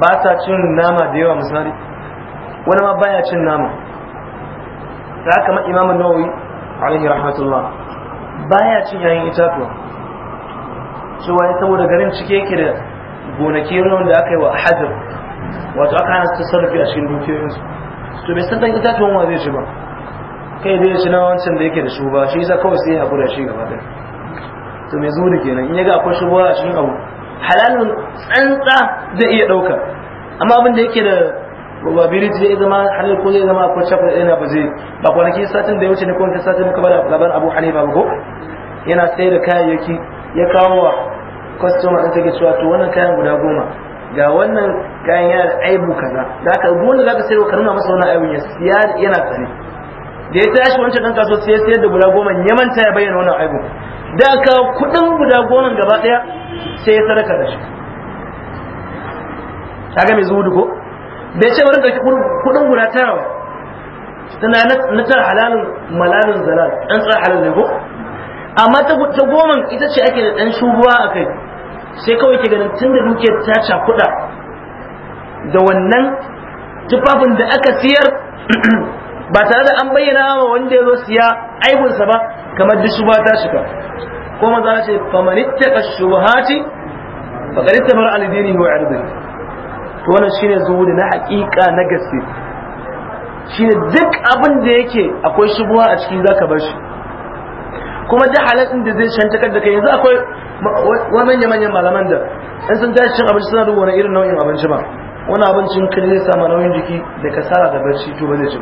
ba sa cin nama da yawa misali wani ma baya cin nama ta kamar imamun nawawi alaihi rahmatullah baya cin yayin itatuwa cewa ya saboda garin cike yake da gonaki da aka yi wa hajjar wato aka hana su sarrafi a cikin dukiyoyinsu to bai san dan itatuwan wa zai ci ba kai zai ci na wancan da yake da shuba shi yasa kawai sai ya hakura shi gaba ɗaya to mai zuwa kenan in ya ga akwai shuba a cikin abu halalin tsantsa zai iya ɗauka amma abin da yake da probability zai zama halal ko zai zama akwai shafa ɗaya ba zai ba kwanaki satin da ya wuce ne ko wani satin muka bada labarin abu hanifa ba ko yana sai da kayayyaki ya kawo wa kwastoma ɗin take cewa to wannan kayan guda goma ga wannan kayan ya da aibu kaza da aka duk wanda zaka sayo ka nuna masa wannan aibun ya siya yana tsane da ya tashi wancan ɗan kasuwa sai ya sayar da guda goma ya manta ya bayyana wannan aibun da aka kuɗin guda goma gaba ɗaya sai ya sadaka da shi kaga mai zuhudu Da bai ce bari ɗauki kuɗin guda tara ba tana na tar halalin malalin zalal an tsara halal ne ko amma ta goma ita ce ake da ɗan shubuwa a kai sai kawai ke ganin tun da dukiyar ta kuɗa da wannan tufafin da aka siyar [CLEARS THROAT] ba tare da an bayyana wa wanda ya zo siya aibinsa ba kamar duk shubuwa ta shiga ko za ce famanitta ka shubahati fa qalitta bar al-dini wa ardi to wannan shine zuhudi na haƙiƙa na gaske shine duk abin da yake akwai shubuwa a ciki zaka bar shi kuma da halal da zai shantakar da kai yanzu akwai wani manya manyan malaman da in sun tashi cin abinci suna duba wani irin nau'in abinci ba wani abincin kan zai samu nauyin jiki da kasala da barci to ba zai ci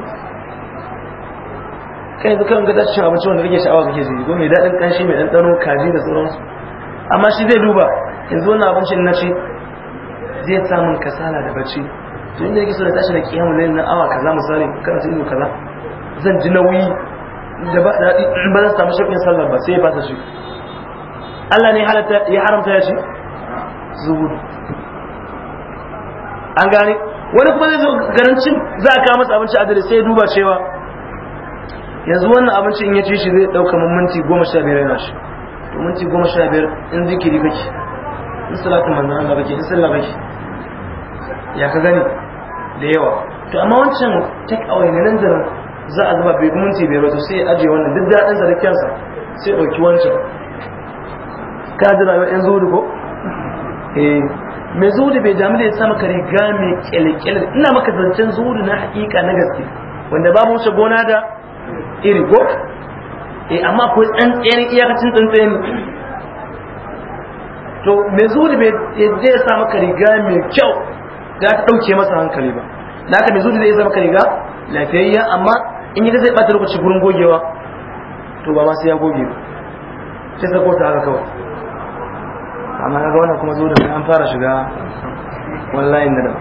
kai yanzu kan gada tashi cin abinci wanda kake sha'awa kake ji ko mai daɗin kanshi mai ɗanɗano kaji da sauransu amma shi zai duba yanzu wannan abincin na ci zai samun kasala da barci to inda yake so da tashi da kiyamu na awa kaza misali karatu ido kaza zan ji nauyi da ba ba za su samu shafin sallar ba sai ya fasa shi Allah ne ya haramta ya ce zuhudu an gane wani kuma zai zo garancin za a kawo masa abinci a dare sai ya duba cewa yanzu wannan abinci in ya ci shi zai ɗauka min minti goma sha biyar yana shi to minti goma sha biyar in zikiri kake in salatin manzon Allah kake in sallah kake ya ka gani da yawa to amma wancan take away ne nan da nan za a zama bai minti bai ba sai ajiye wannan duk da sa da kyansa sai ɗauki wancan ka jira wa yan zuhudu ko eh mai zuhudu bai jami da ya sa maka riga mai kyalkyalar ina maka zancen zuhudu na hakika na gaske wanda babu wuce gona da iri ko eh amma akwai tsantsiyar iyakacin tsantsiyar to mai zuhudu bai yadda ya sa maka riga mai kyau ga ta ɗauke masa hankali ba da haka mai zuhudu zai sa maka riga lafiyayya amma in yi da zai ɓata lokaci gurin gogewa to ba masu ya goge ba sai zako ta haka kawai amma ya ga wannan kuma zo da an fara shiga wallahi na daba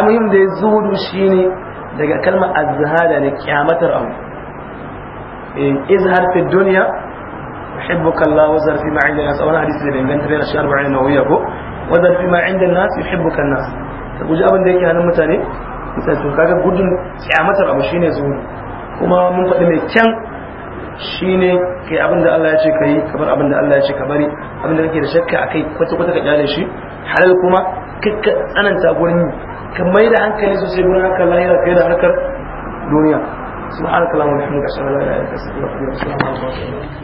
almuhim da ya zo da shi ne daga kalmar azhada da kyamatar abu in eh, izhar fi duniya yuhibbuka Allah wa zarfi ma inda nas wani hadisi da danganta da shi 40 nawiya ko wa zarfi ma inda nas yuhibbuka nas ka guji abin da yake hannun mutane misali to kaga gudun kyamatar abu shine zuwa kuma mun faɗi mai kyan shine kai abin da Allah ya ce ka yi kamar abin da Allah ya ce ka bari abin da kake da shakka a kai kwata kwata ka kyale shi halal kuma kakka tsananta gurin ka mai da hankali sosai gurin harkar lahira kai da harkar duniya subhanakallahumma wa bihamdika wa wa